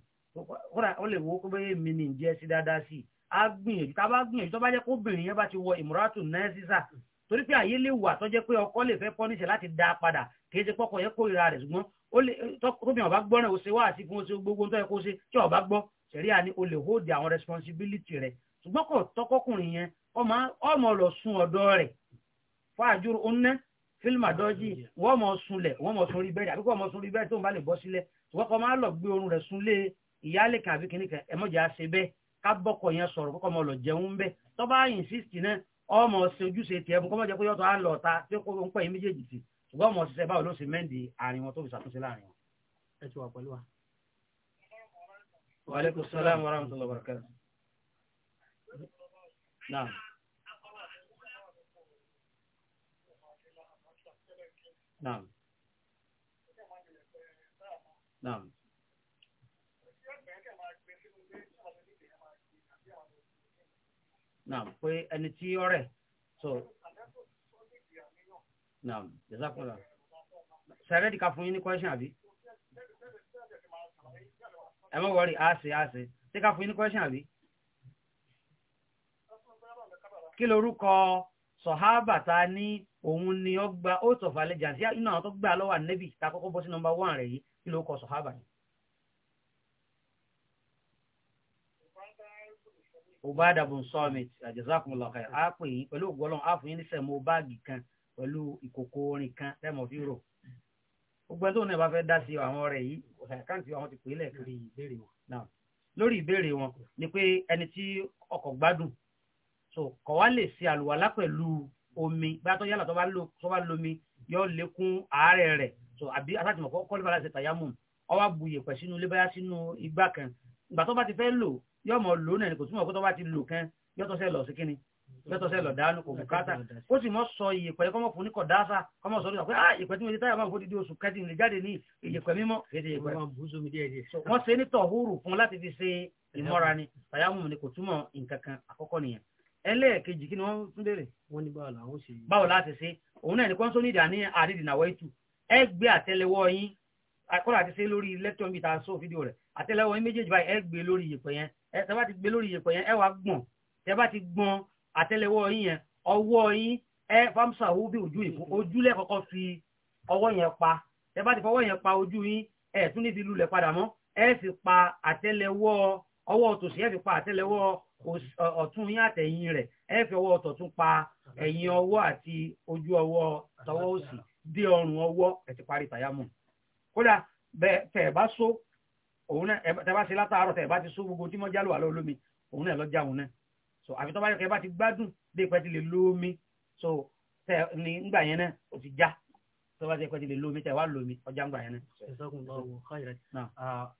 Speaker 1: kódà ó lè wo pé mi ní jẹ́ sí dáadáa sí i a gbìyànjú tá a bá gbìyànjú tó bá jẹ́ kó obìnrin yẹn bá ti wọ ìmúratù nẹ́ẹ́sísà torí pé àyè lè wà tó jẹ́ pé ọkọ lè fẹ́ pọ́níṣẹ̀ láti dá a padà kì í ṣe pọ́kọ yẹn kórìíra rẹ̀ ṣùgbọ́n ó lè tóbi ọba gbọ́ náà ó ṣe wá àti fún oṣù gbogbo tó yẹ kó ṣe tí ọba gbọ́ ṣẹ̀ríà ni o lè hold àwọn responsibility rẹ̀ ṣùgbọ́n kò tọkọkùnrin yẹn ọmọ lọ sun ọ̀dọ́ rẹ̀ fún àjùrò oníná fílmù àdọ́jì wọ́n mọ̀ sunlẹ̀ wọ́n mọ̀ sun rí bẹ́ẹ̀ àbíkọ́ mọ̀ sun rí bẹ́ẹ̀ tó ń bá lè bọ́ sílẹ̀ ṣùgbọ́n kọ́ máa lọ gbé orun rẹ̀ sunlé ìyáálé kan àbí kìnnìkan ẹ̀mọ́jà ṣe bẹ́ẹ̀ ká bọ́kọ̀ yẹn sọ̀rọ̀ kọ́kọ́ mọ̀ lọ jẹun bẹ́ẹ̀ tọ́ bá insist náà ọmọ ṣe ojúṣe tiẹ̀ fún kọ́mọ́jẹ́ pé yọ́tọ̀ á lọ ta tí kò ń pẹ̀yìn méjèèjì sí ṣùgbọ́n àwọn òṣìṣẹ́ báwo ló ṣe mẹ́ndì àárín wọn tó fi ṣàtúnṣe láàrin wọn. ẹ ti wà pẹ̀lú wa.
Speaker 2: wa alaikum salaam wa
Speaker 1: rahmatullahi wa barakatuh. náà. náà. náà. náà pé ẹni tí ọ̀rẹ́ so Naam, jazakallah. Sẹ̀rẹ́dì ká fún yín ní question àbí? Ẹ mọ́ wọ́rí, a ṣe, a ṣe. Ṣé ká fún yín ní question àbí? Kí lorúkọ sọ̀hábà ta ní òun ni ó gba ó tọ̀fà lẹ́jà sí inú àwọn tó gbà lọ́wọ́ ànẹ́bì ta kọ́kọ́ bọ́ sí nọmba wán rẹ̀ yìí kí lorúkọ sọ̀hábà ni? Obada Bonsomit, Jazakumullah khair, a pè yín pẹ̀lú ògbọ́lọ́n, a fún yín ní sẹ̀mú báàgì kan pẹ̀lú ìkòkò orin kan lẹ́mọ̀ fi rò gbogbo ẹni tó náà bá fẹ́ dá sí àwọn ọ̀rẹ́ yìí àkáǹtì àwọn ti pè é lẹ́ẹ̀kan lórí ìbéèrè wọn ni pé ẹni tí ọkọ̀ gbádùn so kọ̀ wá lè ṣe àlùwàlá pẹ̀lú omi bá tó yálà tó bá lomi yóò lékún àárẹ̀ rẹ̀ so àbí asátìmọ̀ kọ́ kọ́lé balẹ̀ ṣe tàyámù ọwọ́ àbúyè pẹ̀ sínú ilé báyá sínú igbá kan ìgbà tó bá ti fẹ́ lò yóò mọ̀ lò náà ni kò túmọ̀ kó tó bá ti lò kan yóò tó ṣe lọ sí kínni
Speaker 2: lẹ́tọ̀ọ́sẹ́ lọ̀dánù kò bùkátà
Speaker 1: ó sì mọ́ sọ ìyẹ̀pẹ̀ kọ́mọ̀ fún ní kọ̀dáṣà kọ́mọ̀ sọ nígbà pé ah ìyẹ̀pẹ̀ tí mo ti táyà máa ń fò dídí oṣù kẹ́tì lè jáde ní ìyẹ̀pẹ̀ mímọ́ èdè ìyẹ̀pẹ̀ wọ́n ṣe ní tọ̀húrù fún láti fi ṣe ìmọ́ra ni tàyámù ni kò túmọ̀ nǹkan kan àkọ́kọ́ nìyẹn ẹlẹ́ẹ̀kejì kí ni wọ́n tún béèrè. wọ́n ní báwo láti ṣe òun náà ní kọ́ńsó ní ìdá ní àrídìnàwọ́ ètù ẹ gbé àtẹ́lẹwọ́ yín akọ́lá àti ṣe lórí lẹ́tọ̀ níbi àtẹ́lẹwọ́ yín yẹn ọwọ́ yín ẹ fámsà owó bí ojú ìfún ojúlẹ̀ kọ́kọ́ fi ọwọ́ yẹn pa ẹ bá ti fọwọ́ yẹn pa ojú yín ẹ tún ní fi padà mọ́ ẹ sì pa àtẹ́lẹwọ́ ọwọ́ tòsí ẹ fi pa àtẹ́lẹwọ́ ọ̀tún yín àtẹ̀yìn rẹ̀ ẹ fi ọwọ́ ọ̀tọ̀ tún pa ẹ̀yìn ọwọ́ àti ojú ọwọ́ tọwọ́ òsì dé ọrùn ọwọ́ ẹ ti parí tàyámù kódà bẹ́ẹ̀ tẹ̀ bá so òun náà tẹ̀ bá ṣe látàárọ̀ tẹ̀ bá ti so gbogbo tí mo jálò àlọ́ olómi òun náà lọ́jà òun náà so àfi tó bá yẹ kẹ́ bá ti gbádùn bí ìpẹ́ ti lè lómi so tẹ ní ngbà yẹn náà ó ti já tó bá ti pẹ́ ti lè lómi tẹ wá lómi ọjà ngbà yẹn náà. ìsọkùn bá wò ká yẹrẹ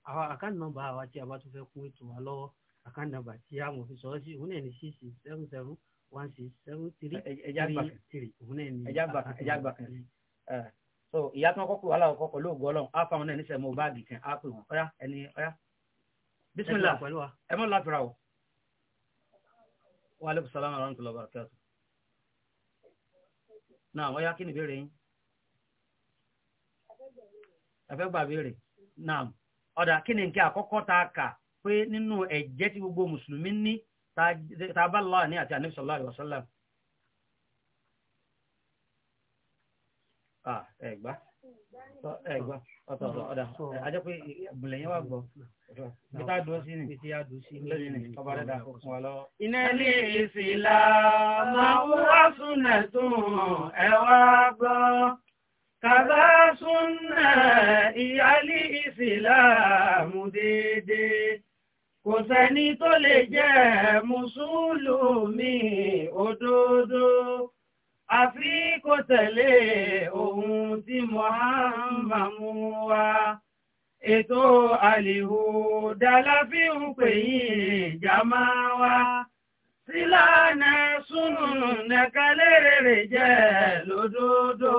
Speaker 1: àwọn àkáǹtì nọ́mbà àwa tí a bá tún fẹ́ kún ètò wa lọ́wọ́ àkáǹtì nọ́mbà tí a mọ̀ fi sọ ọ́ sí òun náà ní six six seven seven one six seven three three three òun náà ní. ẹja gbà ẹja gbà kan so ìyá tí wọn kọ kúrò aláwọ kọkọ lóògùn Ọlọ́run á fáwọn náà níṣẹ mọ báàgì kan á pè wọn ọyá ẹni ọyá bísí ńlá ẹ mọ láti ra o wa alaikum salaam wa rahmatullahi wa barakatuh. náà wọ́n yá kí ni ìbéèrè yín. ẹ gbà béèrè náà ọ̀dà kí ni nǹkan àkọ́kọ́ tá a kà pé nínú ẹ̀jẹ̀ tí gbogbo mùsùlùmí ní tá a bá lọ́wọ́ ní àti àníbi sallallahu alaihi wasallam. ẹ̀gbá ẹ̀gbá ọ̀tọ̀ọ̀tọ̀ ọ̀dà ajẹ́ pé ìbùlẹ̀yìn wà gbọ́ títà dùn sí ni títà dùn sí ni lónìí ni ọba dada wọn lọ. iná ilé ìsìlá máa ń wá súnà tún ẹ gbọ́ kàbá súnà ìyálé ìsìlá mú déédéé kò sẹ́ni tó lè jẹ́ mùsùlùmí òdodo àfi kó tẹ̀lé ohun tí Muhammad mú wá ètò àlìhò dàláfí ń pè yín ìjàmá wá sílànà súnù nàkàlérèrè jẹ́ lódodo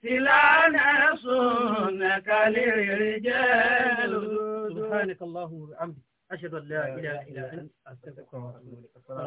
Speaker 1: sílànà súnù nàkàlérèrè jẹ́ lódodo.